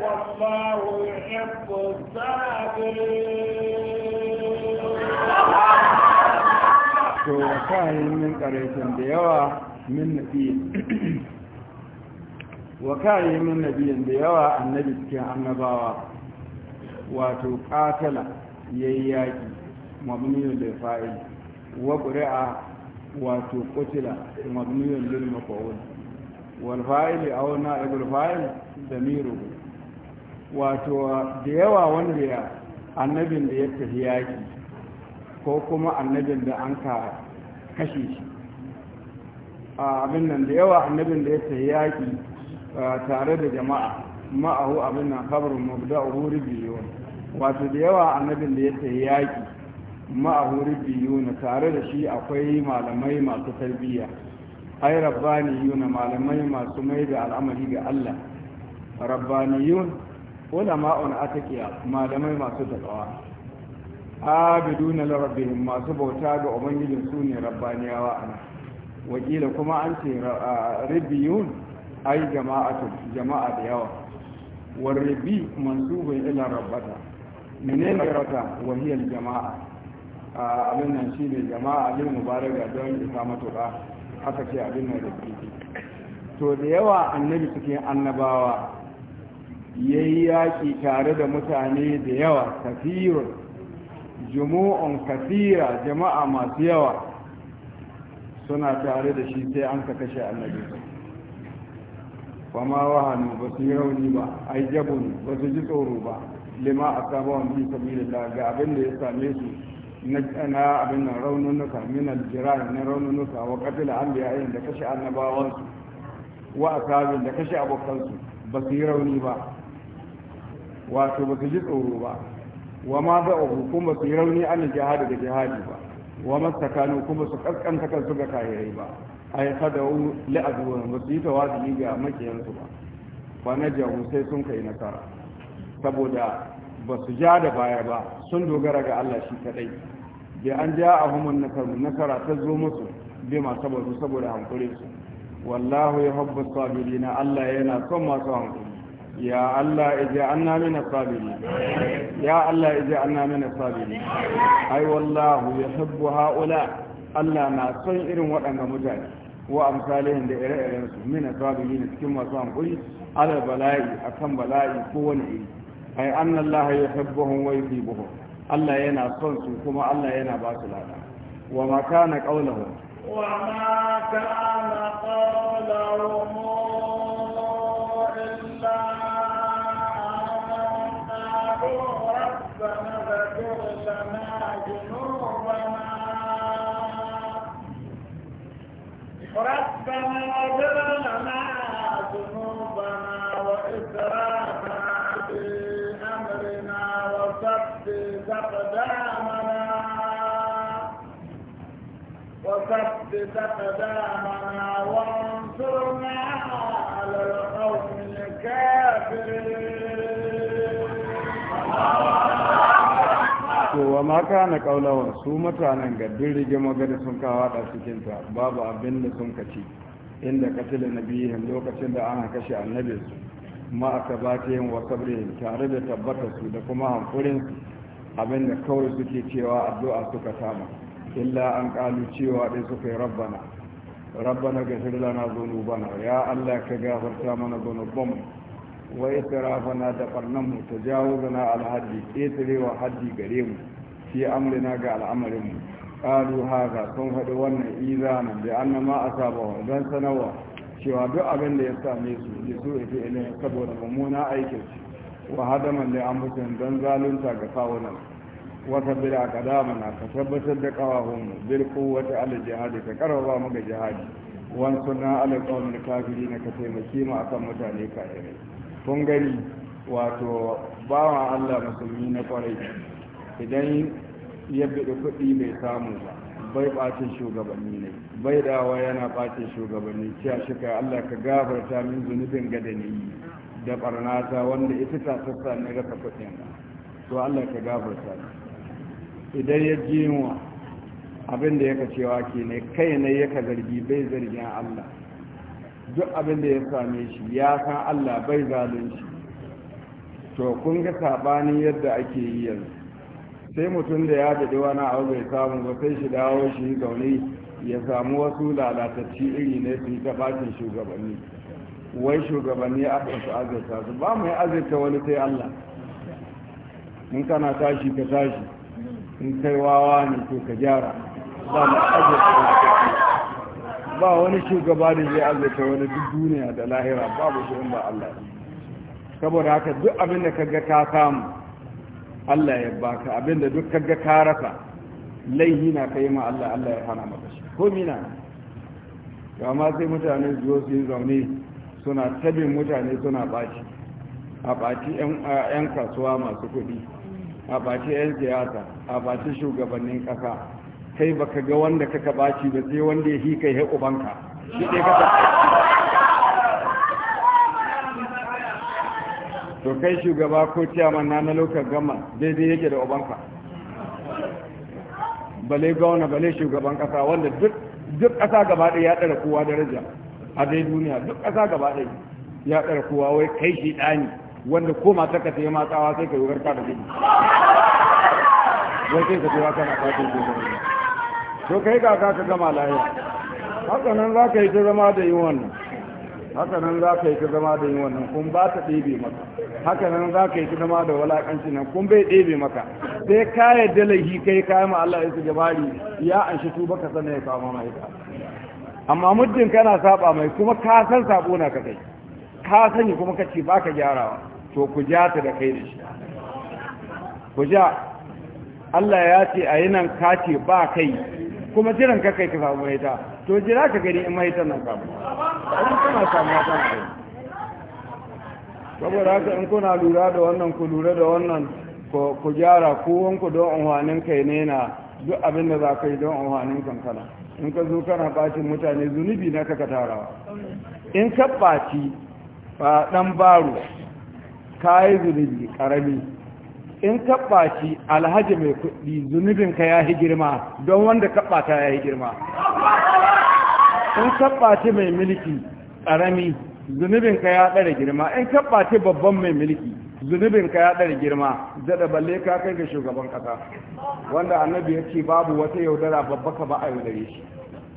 والله يحب الصابرين to wakahin min ƙarfin da yawa min nabiyin wakahin min nabiyin da yawa annabi cikin annabawa wato ƙatala ya yi yaƙi mabniyun da fa'il wa ƙuri'a wato ƙutila mabniyun lil mafa'ul wal fa'il aw na'ibul fa'il damiru wato da yawa wanda ya annabin da ya tafi yaƙi ko kuma annabin da an ka kashe shi A abin nan da yawa annabin da ya sayi yaƙi tare da jama'a ma'ahu abin nan kabarin mabda a huri biyu wato da yawa annabin da ya sayi yaƙi ma'ahu biyu na tare da shi akwai malamai masu tarbiyya ai rabbaniyuna malamai masu mai da al'amari ga Allah rabbaniyun ulama'un ataqiya malamai masu takawa abiduna lirabbihim masu bauta ga ubangijin su ne rabbaniyawa ana wakila kuma an ce rabbiyun ai jama'atu jama'a da yawa wa rabbi mansubun ila rabbata menene rabbata wahiyar jama'a abin nan shi ne jama'a lil mubaraka don isa matuƙa Haka ce abin nan rabbi to da yawa annabi cikin annabawa yayi yaki tare da mutane da yawa kafirun jumu'un kafira jama'a masu yawa suna tare da shi sai an ka kashe annabi fama wahanu ba su yi rauni ba ai jabun ba su ji tsoro ba lima a sabawan bi sabilillah ga abin da ya same su na abin nan raununuka min aljiran na raununuka wa qatl anbiya da kashe annabawansu wa asabin da kashe abokansu ba su yi rauni ba wato ba su ji tsoro ba wa ma za kuma su yi rauni an jihadi da jihadi ba wa tsakanin kuma su kaskanta kansu ga kayayyai ba a yi kada la'aduwan ba su yi tawazi ga makiyansu ba Ba na jahu sai sun kai nasara saboda ba su ja da baya ba sun dogara ga Allah shi kadai da an ja a humun nasara ta zo musu bi ma saboda saboda hankulinsu wallahu ya habba sabirina Allah yana son masu hankuli يا الله اجعلنا من الصابرين يا الله اجعلنا من الصابرين اي والله يحب هؤلاء الله ما صين irin waɗanda mutane wa amsalihin da ire-iren su min asabilin cikin masu hankuri ala bala'i akan bala'i ko wani iri ai annallaha yuhibbuhum wa yuhibbuhum Allah yana son su kuma Allah yana ba su lada wa ma kana wa ربنا فاغفر لنا ذنوبنا وإسرافنا أقدامنا وانصرنا على القوم الكافرين to wa ma kana kaulawa su mutanen ga rigima sun kawo da cikin ta babu abin da sun kaci inda katil nabiyihim lokacin da an kashe annabi su ma aka ba yin wa sabri tare da tabbatar su da kuma hankurin abin da kawai suke cewa addu'a suka tama illa an kalu cewa dai suka yi rabbana rabbana gafir lana dhunubana ya allah ka gafarta mana dhunubanmu wa da barnan mu ta jawo zana alhaddi ƙetarewa haddi gare mu fi amrina ga al'amarin mu ƙalu haka sun faɗi wannan izanin da an nama a sabawa don sanarwa cewa duk abin da ya same su ya so ife ilin saboda mummuna aikin su wa hadaman da an mutum don zalunta ga kawunan wata bila kadamana ka tabbatar da kawahunmu bil kowace ala jihadi ka karfafa mu ga jihadi wani suna ala kafiri na ka taimaki mu akan mutane yi. kun gani wato bawa allah musulmi na kwarai idan ya biɗi kuɗi mai samu ba bai ɓacin shugabanni ne bai dawa yana ɓacin shugabanni cewa shi allah ka gafarta min zunubin ga da ni da wanda ita ta sassa ne rasa kuɗin to allah ka gafarta idan ya ji yunwa abin da yaka cewa ke ne kai ne yaka zargi bai zargin allah duk abin da ya same shi ya san Allah bai zalunci to kun ga sabanin yadda ake yi yanzu sai mutum da ya daɗi wani abu bai samu ba sai shi dawo shi zaune ya samu wasu lalatacci iri ne su yi taɓacin shugabanni wai shugabanni aka su azurta su ba mai azurta wani sai Allah in kana tashi ka tashi in kai wawa ne to ka gyara ba mai azurta ba wani shugaba da zai azurta wani duk duniya da lahira babu shi in ba Allah saboda haka duk abin da kaga ka samu Allah ya baka abin da duk kaga ka rasa laihi na kai ma Allah Allah ya hana maka shi ko mina ga ma sai mutane zuwa su yi zaune suna tabin mutane suna baci a baci 'yan kasuwa masu kuɗi a baci 'yan siyasa a baci shugabannin ƙasa kai baka ga wanda kaka baci ba sai wanda ya hika ya ubanka shi ɗaya kaka to kai shugaba ko ciyaman na na lokar gama daidai yake da ubanka bale gauna bale shugaban kasa wanda duk kasa gaba ɗaya ya ɗara kowa daraja a dai duniya duk kasa gaba ɗaya ya ɗara kowa wai kai shi ɗani wanda ko mata ka taimakawa sai ka yi warka da gudu wai sai ka taimaka na fatin gudu to kai ga ka gama lahiya haka nan za ka yi ta zama da yin wannan haka nan za ka yi ta zama da yin wannan kun ba ta ɗebe maka haka nan za ka yi ta zama da walakanci nan kun bai ɗebe maka sai ka yadda lahi kai ka yi ma Allah ya su gabari ya an shi tuba ka sanar ya kawo mai ita amma muddin kana saba mai kuma ka san sabo na ka kai ka sani kuma ka ce baka gyarawa to ku ja ta da kai da shi ku ja Allah ya ce a yi nan ka ce ba kai kuma jiran ka kai ka samu mahita to jira ka gani in mahitar nan samu an kana samu wata mahita saboda haka in kuna lura da wannan ku lura da wannan ku gyara kowanku don unhwanin kai ne na duk abin da za ka yi don unhwanin kankana in ka zo kana bacin mutane zunubi na kaka tarawa in ka baci ba dan baro ka yi zunubi karami in kaɓa shi alhaji mai kuɗi zunubin ka ya yi girma don wanda kaɓa ta ya yi girma in kaɓa ɓaci mai mulki ƙarami zunubin ka ya ɗara girma in kaɓa ɓaci babban mai mulki ka ya ɗara girma daɗa balle ka kai ga shugaban ƙasa wanda annabi ya ce babu wata yaudara babba ka ba a yaudare shi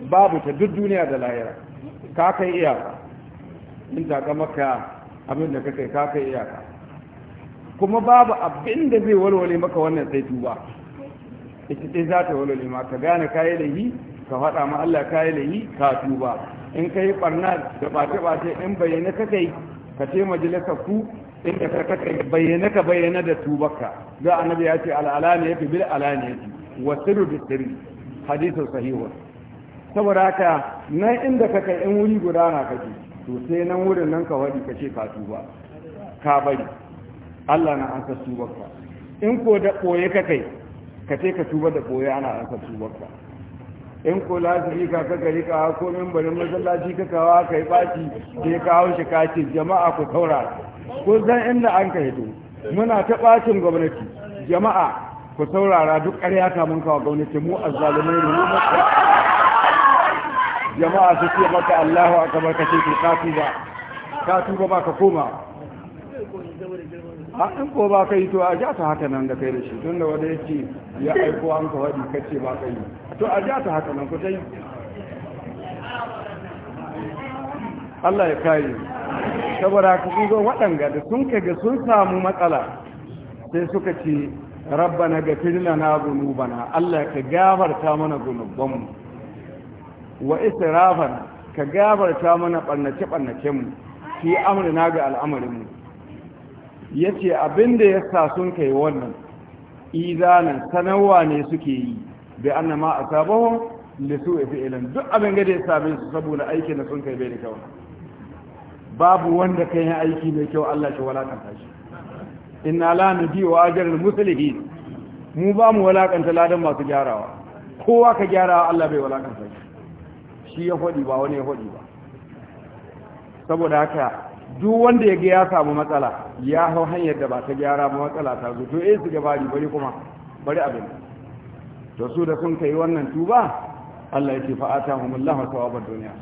babu ta duk duniya da lahira ka kai iyaka in ta maka abin da ka kai ka kai iyaka kuma babu abin da zai walwale maka wannan sai tuba ita dai za ta walwale ma ka gane kayi yi ka faɗa ma Allah kayi yi ka tuba in ka yi barna da ɓace-ɓace in bayyana ka kai ka ce majalisa ku inda ka kai bayyana ka bayyana da tubarka ga annabi ya ce ne ya fi bil alani ya fi wa sirru bi sirri hadisin sahihu saboda haka nan inda ka kai in wuri guda na kake to sai nan wurin nan ka wadi ka ce ka tuba ka bari Allah na an ka tubarka in ko da ɓoye ka kai ka ce ka tuba da ɓoye ana an ka tubarka in ko lazimi ka ka gari ka ko mimbarin masallaci ka kawa ka yi ɓaci ke kawo shi ka ce jama'a ku taura ko zan inda an ka hito muna ta ɓacin gwamnati jama'a ku saurara duk ƙarya ta mun kawo gwamnati mu azzalumai ne mu jama'a su ce maka Allahu akbar ka ce ka tuba ka tuba ba ka koma a in ko ba ka yi to a jata ta haka nan da kai da shi tun da wanda ya ce ya aiko an ka waɗi ka ce ba ka yi to a jata ta haka nan ku ta yi Allah ya kayi saboda ka kun zo waɗanga da sun kage sun samu matsala sai suka ce rabba rabbana na lana gunubana Allah ka gafarta mana gunubanmu wa israfana ka gafarta mana ɓarnace-ɓarnacenmu fi amurina ga al'amarinmu. ya ce abin da ya sa sun kai wannan izanin sanarwa ne suke yi bai an nama a sabon su efe fi'ilan duk abin gada ya same su saboda aikin da sun kai bai da kyau babu wanda kan yi aiki mai kyau Allah shi walakanta shi inna la biyu wa ajiyar muslihin mu ba mu walakanta ladan masu gyarawa kowa ka gyarawa Allah bai walakanta shi shi ya hodi ba wani ya hodi ba saboda haka duk wanda ya ga ya samu matsala ya hau hanyar da ba ta gyara ba matsala ta zo to eh su gabari bari kuma bari abin to su da sun kai wannan tuba Allah ya ce fa atahumullahu thawabat dunya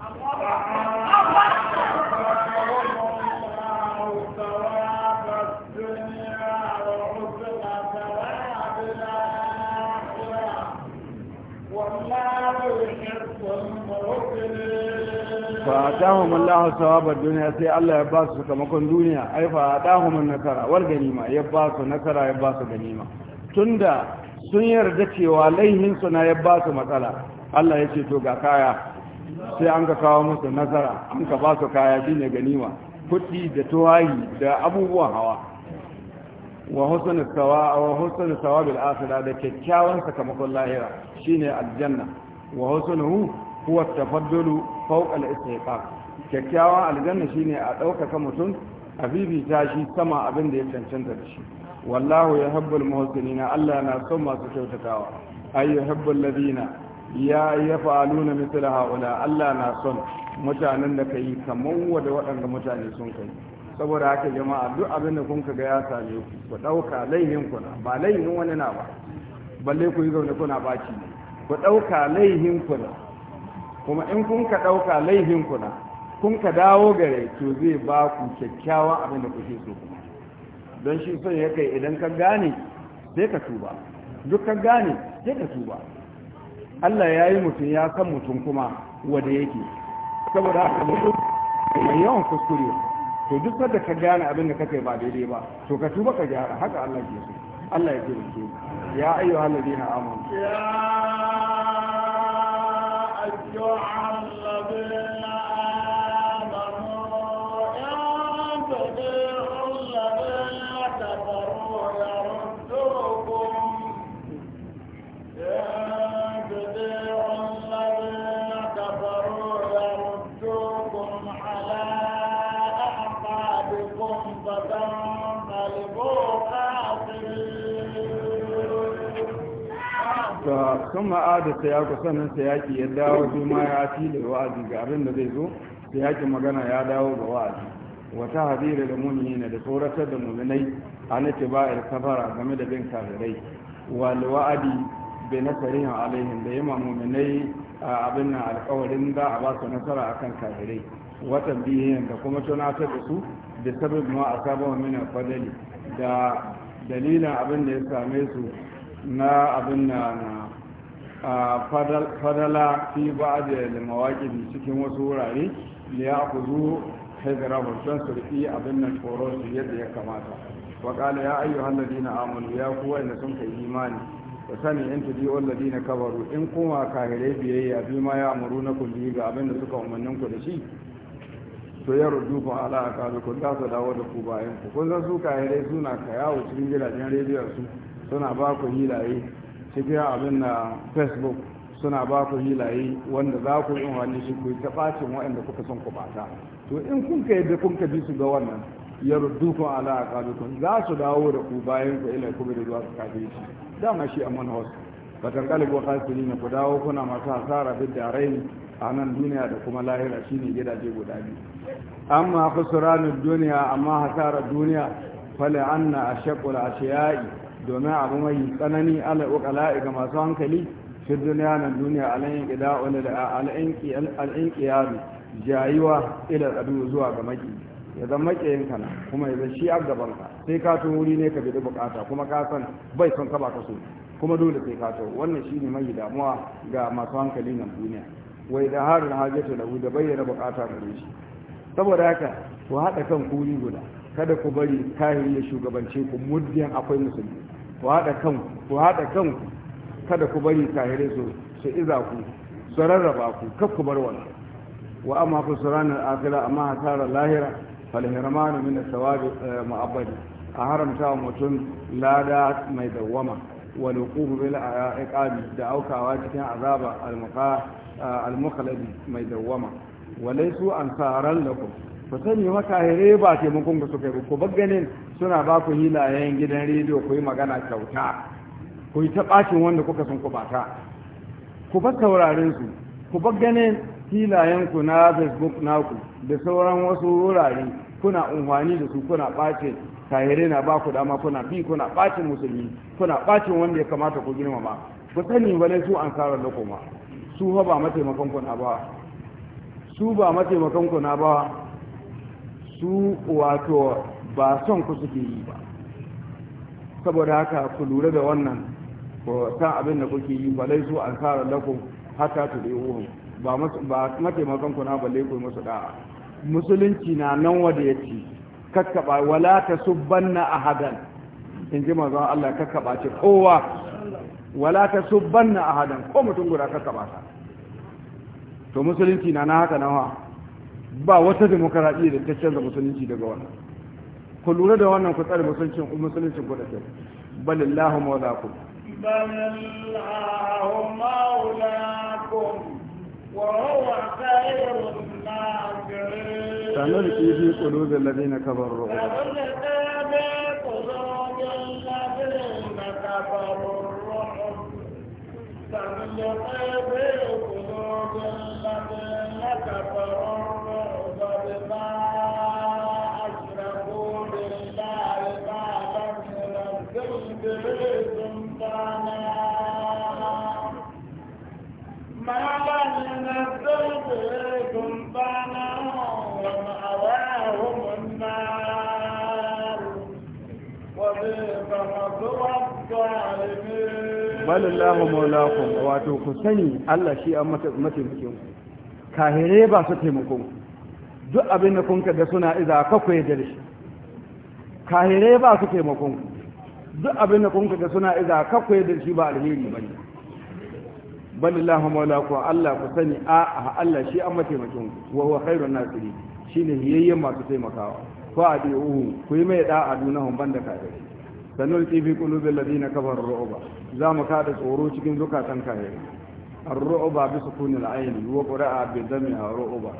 Allah atahum Allahu sawaba duniya sai Allah ya ba su duniya ai fa atahum nasara wal ganima ya ba su nasara ya ba su ganima tunda sun yarda cewa laihin suna na ya ba su matsala Allah ya ce to ga kaya sai an ka kawo musu nasara an ka ba su kaya shine ganima kuɗi da tuwayi da abubuwan hawa wa husnu sawa wa husn sawabil akhirah da kyakkyawan sakamakon lahira shine aljanna wa husnu huwa tafaddalu fawqa al-istiqaq kyakkyawan aljanna shine a ɗaukaka mutum a bibita shi sama abin da ya cancanta da shi wallahu ya habbul muhsinina Allah na son masu kyautatawa ay yuhibbul ladina ya yafaluna mithla haula Allah na son mutanen da kai kaman wanda waɗanda mutane sun kai saboda haka jama'a duk abin da kun ga ya same ku ku dauka laihin ku na ba laihin wani na ba balle ku yi zaune kuna ne. ku dauka laihin ku na kuma in kun ka ɗauka laifin ku na kun ka dawo gare to zai ba ku kyakkyawan abin da kuke so kuma don shi son ya kai idan ka gane sai ka tuba duk ka gane sai ka tuba Allah ya yi mutum ya san mutum kuma wanda yake saboda haka mutum mai yawan kuskure to duk sadda ka gane abin da kake ba daidai ba to ka tuba ka gyara haka Allah ke so Allah ya taimake ya ayyuhal ladina amanu ya sun ma'ada ta ku sannan ta yaki ya dawo juma ya fili wa'azi ga abin da zai zo ta yaki magana ya dawo ga wa'azi wata hadira da muni ne da tsoratar da muminai a na ce ba'ir safara game da bin kafirai wal wa'adi bai nasarihin alaihim da yima muminai a abin nan alkawarin za a ba su nasara akan kafirai watan biyu da kuma tunatar da su da sabbin ma a sabon mina fadali da dalilin abin da ya same su na abin na fadala fi ba da mawaƙi cikin wasu wurare da ya ku zuwa haizarabun don su riƙi abin nan tsoron su yadda ya kamata waƙala ya ayyu halladi na amalu ya kuwa inda sun kai imani da sani in tudi walladi na kabaru in kuma kahirai biyayya fi ma ya amuru na kulli ga abin da suka umarnin ku da shi to ya rudu ku ala a kalu kun tasa dawo da ku bayan ku kun san su kahirai suna kayawo cikin gidajen rediyon su suna ba ku hilaye biya abin na facebook suna ba ku hilaye wanda za ku yi wani shi ku yi ta bacin waɗanda kuka son ku bata to in kun ka yadda kun ka bi su ga wannan ya rudukun ala a kadukun za su dawo da ku bayan ku ilai kuma da zuwa su kafe shi dama shi amman house ba tankalin ko kasiri ne ku dawo kuna masu hasara duk da rai a nan duniya da kuma lahira ne gidaje guda biyu amma khusranul duniya amma hasara duniya fala anna ashaqul ashiyai domin abu mai tsanani ala ukala ga masu hankali shi duniya nan duniya alayin gida wani da al'in ƙiyari jayiwa ila tsadu zuwa ga maki ya zama maƙiyin kana kuma ya shi a gaban ka sai ka to wuri ne ka bi bukata kuma ka san bai son ka ba ka so kuma dole sai ka to wannan ne mai damuwa ga masu hankali na duniya wai da harin hajjata lahu da bayyana bukata gare shi saboda haka ku haɗa kan kuri guda kada ku bari kahiri ya shugabance ku muddin akwai musulmi ku haɗa kan ku haɗa kanku kada ku bari kahirai su su iza ku su rarraba ku kaf ku bar wannan wa amma ku suranar akira amma hasara lahira falhirmanu min sawabi eh, mu'abbad a haramta mutum lada mai dawama wa luquhu bil iqabi da aukawa cikin azaba al-muqa eh, mai dawwama wa laysu ansaran lakum ku sani hire ba taimakon ku suka yi ku ganin suna ba ku hilayen gidan rediyo ku yi magana kyauta ku yi ta ɓacin wanda kuka sun ku bata ku bar taurarin su ku bagganin hilayen ku na facebook naku da sauran wasu wurare kuna umfani da su kuna bace kahire na ba ku dama kuna bi kuna ɓacin musulmi kuna ɓacin wanda ya kamata ku girmama ku sani balai su an sarar da kuma su ba mataimakon ku na ba su ba mataimakon ku na ba su wato ba son ku suke yi ba saboda haka ku lura da wannan ko san abin da kuke yi ba laisu an tsara lakum hatta tu dewo ba ba mataimakan ku na balle ku musu da'a musulunci na nan wanda yace kakkaba wala a ahadan in ji manzon Allah kakkaba ce kowa wala a ahadan ko mutum guda kakkaba ta to musulunci na na haka nawa ba wata demokaraɗiyya da ta canza musulunci daga wannan ku lura da wannan ku tsare musuluncin musuluncin ku da kai balillahu maulakum balillahu maulakum wa huwa khairun nasirin sanarki fi qulubil ladina Thank you. balillahu maulakum wato ku sani Allah shi an mataimakin ku kahire ba su taimakon duk abin da kun kaga suna iza ka ku yadda shi kahire ba su taimakon ku duk abin da kun kaga suna iza ka ku yadda shi ba alheri bane balillahu maulakum Allah ku sani a Allah shi an mataimakin ku wa huwa khairun nasiri shine yayyen masu taimakawa fa adi'u ku yi mai da'a dunahum banda kafirai sanulki fi qulubil alladhina kafaru ru'ba za mu kada tsoro cikin zukatan kafirai ar-ru'ba bi sukunil ayn wa qira'a bi damiha ru'ba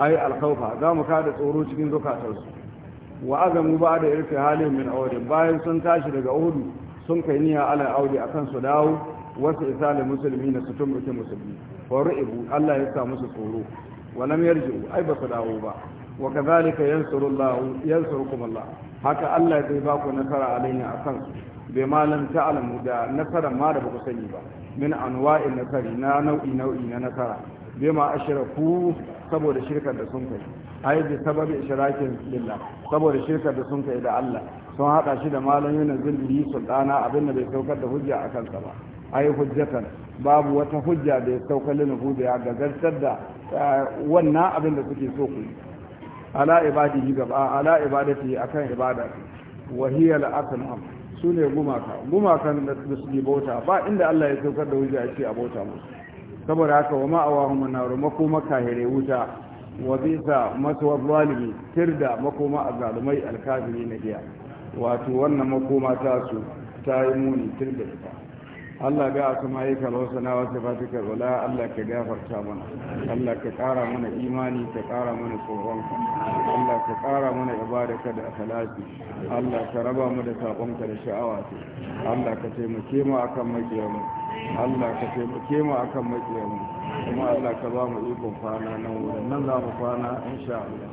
ay al-khawfa za mu kada tsoro cikin su. wa azamu ba'da halin min awdi bayan sun tashi daga uhudu sun kai niyya ala awdi akan su dawo wasu isalin musulmi na su tumbuke musulmi wa ru'ibu Allah ya sa musu tsoro wa lam yarji'u ai ba su dawo ba wa kazalika yansurullahu yansurukum Allah haka Allah zai ba ku nasara alaina akan su bai malam ta'lamu da nasara ma da baku sani ba min anwa'in nasari na nau'i nau'i na nasara bai ma saboda shirkar da sun kai ai bi sababi ishrakin billah saboda shirkar da sun kai da Allah sun hada shi da malamin na zulmi sultana abin da bai saukar da hujja a kansa ba ai hujjatan babu wata hujja da ya saukar da hujja eh, ga zartar da wannan abin da suke so ku ala ibadihi gaba ala ibadati akan ibada wa hiya sune gumaka gumakan da su bauta ba inda Allah ya saukar da wuce a ce a bauta musu saboda haka wa ma'awahum naru makoma kahire wuta wa bisa maswa zalimi tirda makoma azalumai alkafiri na biya wato wannan makoma ta su ta yi muni tirda ita Allah ga aka ma'aika lausana wasu fatika wala Allah ka gafarta mana Allah ka ƙara mana imani ka ƙara mana tsoronka Allah ka ƙara mana ibadaka da akhlaqi Allah ka raba mu da sabonka da sha'awa ce Allah ka taimake mu akan makiyamu Allah ka taimake mu akan makiyamu kuma Allah ka ba mu ikon kwana nan wurin nan za mu kwana insha Allah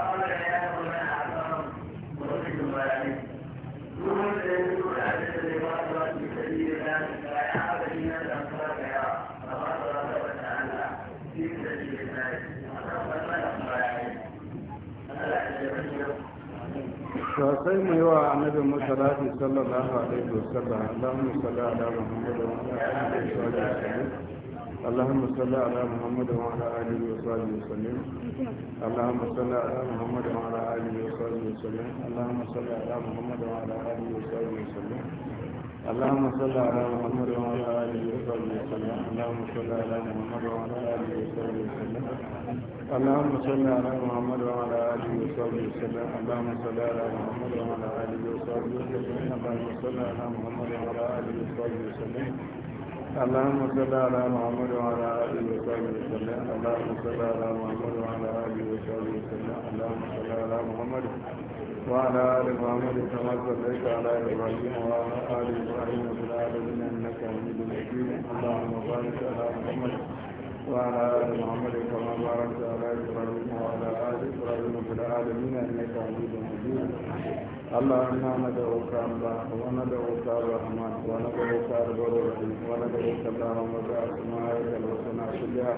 sai mu yi wa annabi sallallahu alaihi Allahumma salli ala Muhammad ala alihi wa sahbihi اللهم صل على محمد وعلى اله وصحبه وسلم اللهم صل على محمد وعلى اله وصحبه وسلم اللهم صل على محمد وعلى اله وصحبه وسلم اللهم صل على محمد وعلى اله وصحبه وسلم اللهم صل على محمد وعلى اله وصحبه وسلم اللهم صل على محمد وعلى اله وصحبه وسلم اللهم صل على محمد وعلى اله وصحبه وسلم اللهم صل على محمد وعلى اله وصحبه وسلم اللهم صل على محمد وعلى اله وصحبه وسلم اللهم صل على محمد وعلى اله وصحبه وسلم اللهم صل على محمد وعلى آل محمد كما صليت على إبراهيم وعلى آل إبراهيم في العالمين إنك حميد مجيد اللهم بارك على محمد وعلى آل محمد كما باركت على إبراهيم وعلى آل إبراهيم في العالمين إنك حميد مجيد اللهم ندعوك الله وندعوك الرحمن وندعوك البر وندعوك اللهم بعث ما يجعل وسنا شجاع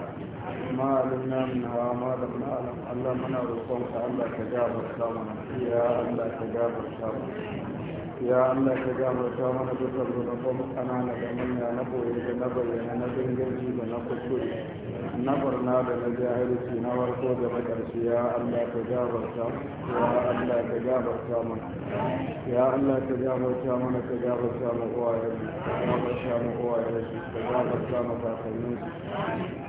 ما علمنا منها وما لم نعلم اللهم نرزقك الا تجاب الثمن يا الا تجاب الثمن يا الله كجام وشامنا بكر ونقوم أنا نجمنا نبوي نبوي نبين جنسي ونقصي نبرنا بنجاهل سينا ورقود مكرسي يا الله كجام وشامنا يا الله كجام وشامنا يا الله كجام وشامنا كجام وشامنا هو يرسي كجام وشامنا هو يرسي كجام وشامنا فاخرين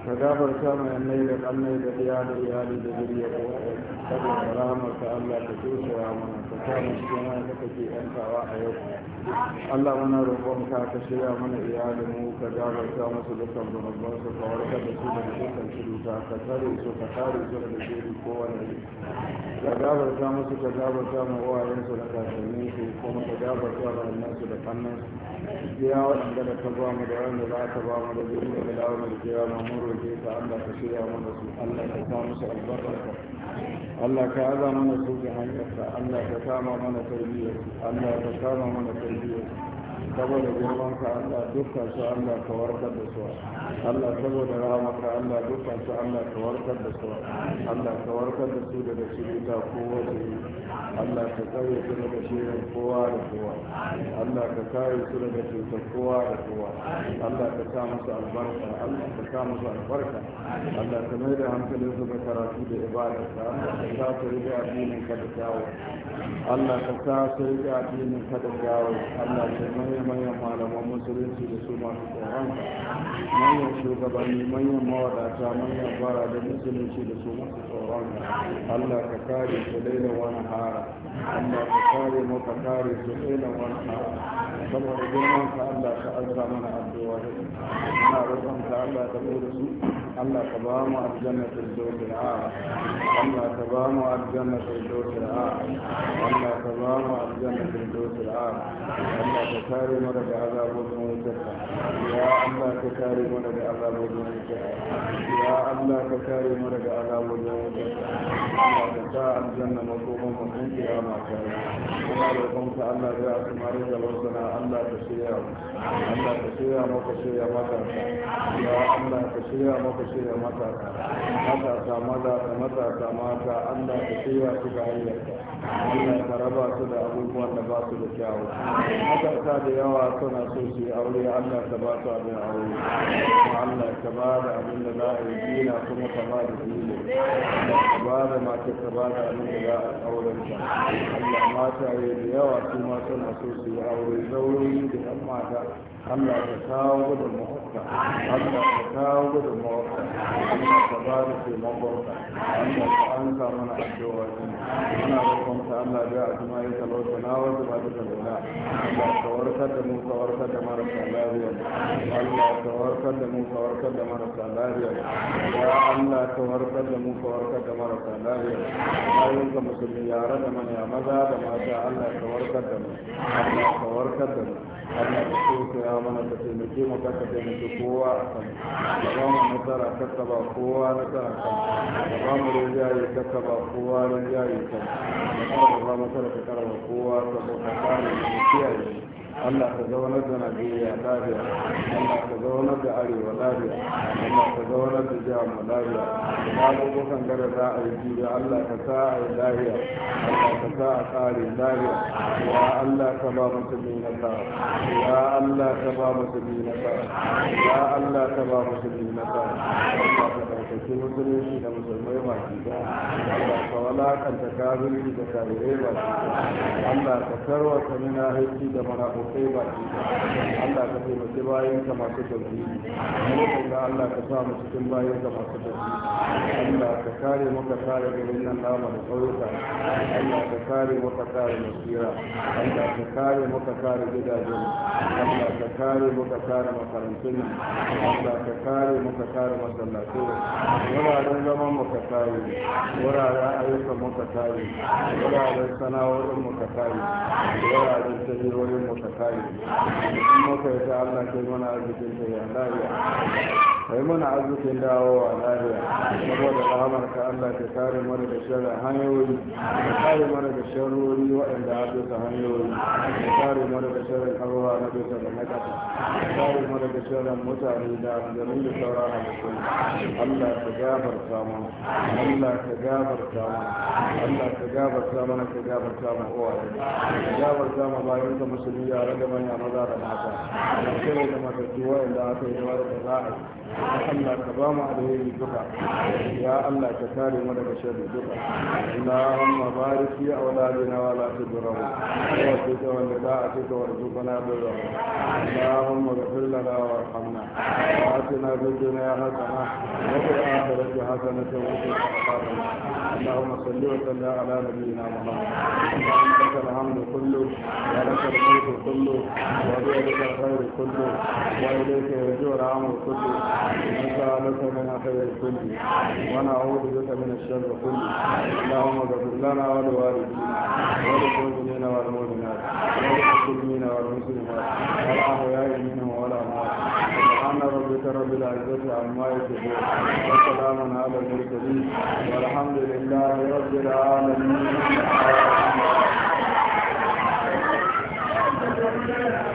كجام وشامنا النيل الأمني بقيادة يالي بذرية وحيد كجام ورحمة الله كتوسي يا من kama suna da kake yantawa a yau Allah muna roƙon ka ka shirya mana iyalin mu ka gabarta musu dukkan zunuban su ka warkar da su daga dukkan shiruta ka tare su ka tare su daga shiri kowane ne ka gabarta musu ka ta ma uwayen su da kakannin su kuma ka gabarta ta annan su da kannan su ya waɗanda da ka ba mu da wanda za ka ba mu da duk da lawon da kiyama mun roƙe ka Allah ka shirya mana su Allah ka ta musu albarka Allah ka aza mana su ga hanyarsa Allah ka kama mana tarbiyyar Allah ka kama mana tarbiyyar saboda girmanka Allah dukkan su Allah ka warkar da su Allah saboda rahamaka Allah dukkan su Allah ka warkar da su Allah ka warkar da su daga shirita ko wasu Allah ka kare su daga shirin kowa da kowa Allah ka kare su daga cutar kowa da kowa Allah ka sa musu albarka Allah ka sa musu albarka Allah ka mai da hankalin su ga karatu da ibada Allah ka sa su rike addinin ka da kyawu Allah ka sa su rike addinin ka da kyawu Allah ka mai manyan malaman musulunci da su masu tsoron ka manyan shugabanni manyan mawadata manyan fara, da musulunci da su masu tsoron Allah ka kare su laila wani hara Allah ka kare mu ka kare su laila wani hara saboda girman ka Allah ka alza mana addu'a ina roƙon ka Allah ka dora su الله تبام الجنة الدوس العار الله تبام الجنة الدوس العار الله تبام الجنة الدوس العار الله تكاري مرد عذاب الموتى يا الله تكاري مرد عذاب الموتى يا الله تكاري مرد عذاب الموتى الله تكاري الجنة مقوم وانت يا ما كاري muna roƙonka Allah ya asmari da lausana Allah ka shirya Allah ka shirya maka shirya maka ya Allah ka shirya maka shirya maka matasa maza da matasa mata Allah ka shirya su ga hanyarka Allah ka raba su da abubuwan da ba su da kyawu matasa da yawa suna so su yi aure Allah ka ba su abin aure kuma Allah ka ba da abin da za a yi dina kuma ka ba da dina ka ba da mata ka ba da abin da za a auren ta Allah mata yi aure da yawa su ma suna so su yi aure zauroyi da yan mata Allah ka kawo gudun mawarka Allah ka kawo gudun Allah ka ba da taimakonka Allah ka an mana muna roƙon ka Allah ya talauta na ba ta talauta Allah ka warkar da mu ka warkar da marasa lafiya Allah ka warkar da mu ka warkar da marasa lafiya ya Allah ka warkar da mu ka warkar da marasa lafiya bayan ka musulmi yare da manya maza da mata Allah ka warkar da mu Allah ka warkar da mu Allah ka soke ya mana ka taimake mu ka ka taimake kowa a kan ka ba mu nasara ka ka ba kowa nasara kan ka ba mu rinjaye ka ka ba kowa rinjaye kan ka ba mu nasara ka ka ba kowa saboda kare mu kiyaye Allah ka zaunar da Najeriya lafiya Allah ka zaunar da Arewa lafiya Allah ka zaunar da jihar mu lafiya magungunan gara za a yi Allah ka sa a yi lafiya Allah ka sa a kare lafiya ya Allah ka ba musulmi nasara ya Allah ka ba musulmi nasara ya Allah ka ba musulmi nasara Allah ka ɗaukaki musulmi da musulmi baki ba Allah ka walakanta kafirci da kafirai baki ba Allah ka karwa ka nuna haiti da marabukai baki ba Allah ka taimaki bayan ka masu tafi mutum da Allah ka sa mu cikin bayan ka masu tafi Allah ka kare maka kare garin nan nama da tsaurika Allah ka kare maka kare masira Allah ka kare maka kare gidajen Allah ka kare maka kare makarantun Allah ka kare maka kare masallatai wuraren zaman maka kare kare wuraren ayyukan mu ka wuraren sana'o'in mu ka wuraren tajirorin mu ka kare in muka yi ta Allah kai mana arzikin da ya lafiya kai mana arzikin dawowa lafiya saboda rahamarka Allah ka kare mana da shara hanyoyi ka kare mana da sharori waɗanda a bisa hanyoyi ka kare mana da sharar karuwa na bisa da na ƙasa ka kare mana da sharar mutane da aljamin da sauran halittu Allah ka gafarta mana Allah ka gafarta mana Allah ka gafarta mana ka gafarta mana uwaye ka gafarta mana bayan ka musulmi yare da manya maza da mata da kai da matattu waɗanda aka yi da za a yi Allah ka ba mu alheri duka ya Allah ka kare mu daga sharri duka Allahumma barik Ya awladina wa la tudrum wa tudu wa da'atuka warzuqna birra Allahumma ighfir lana warhamna wa atina fid dunya hasana wa fil akhirati hasana wa qina adhaban اللهم صل وسلم على نبينا محمد اللهم لك الحمد كله ولك الملك كله وبيدك الخير كله واليك يرجو الامر كله نسألك من خير كله ونعوذ بك من الشر كله اللهم اغفر لنا ولوالدينا وللمؤمنين والمؤمنات وللمسلمين والمسلمات والأحياء منهم والأموات سبحان ربك رب العزة عما يصفون وسلام على المرسلين والحمد لله رب العالمين Thank you.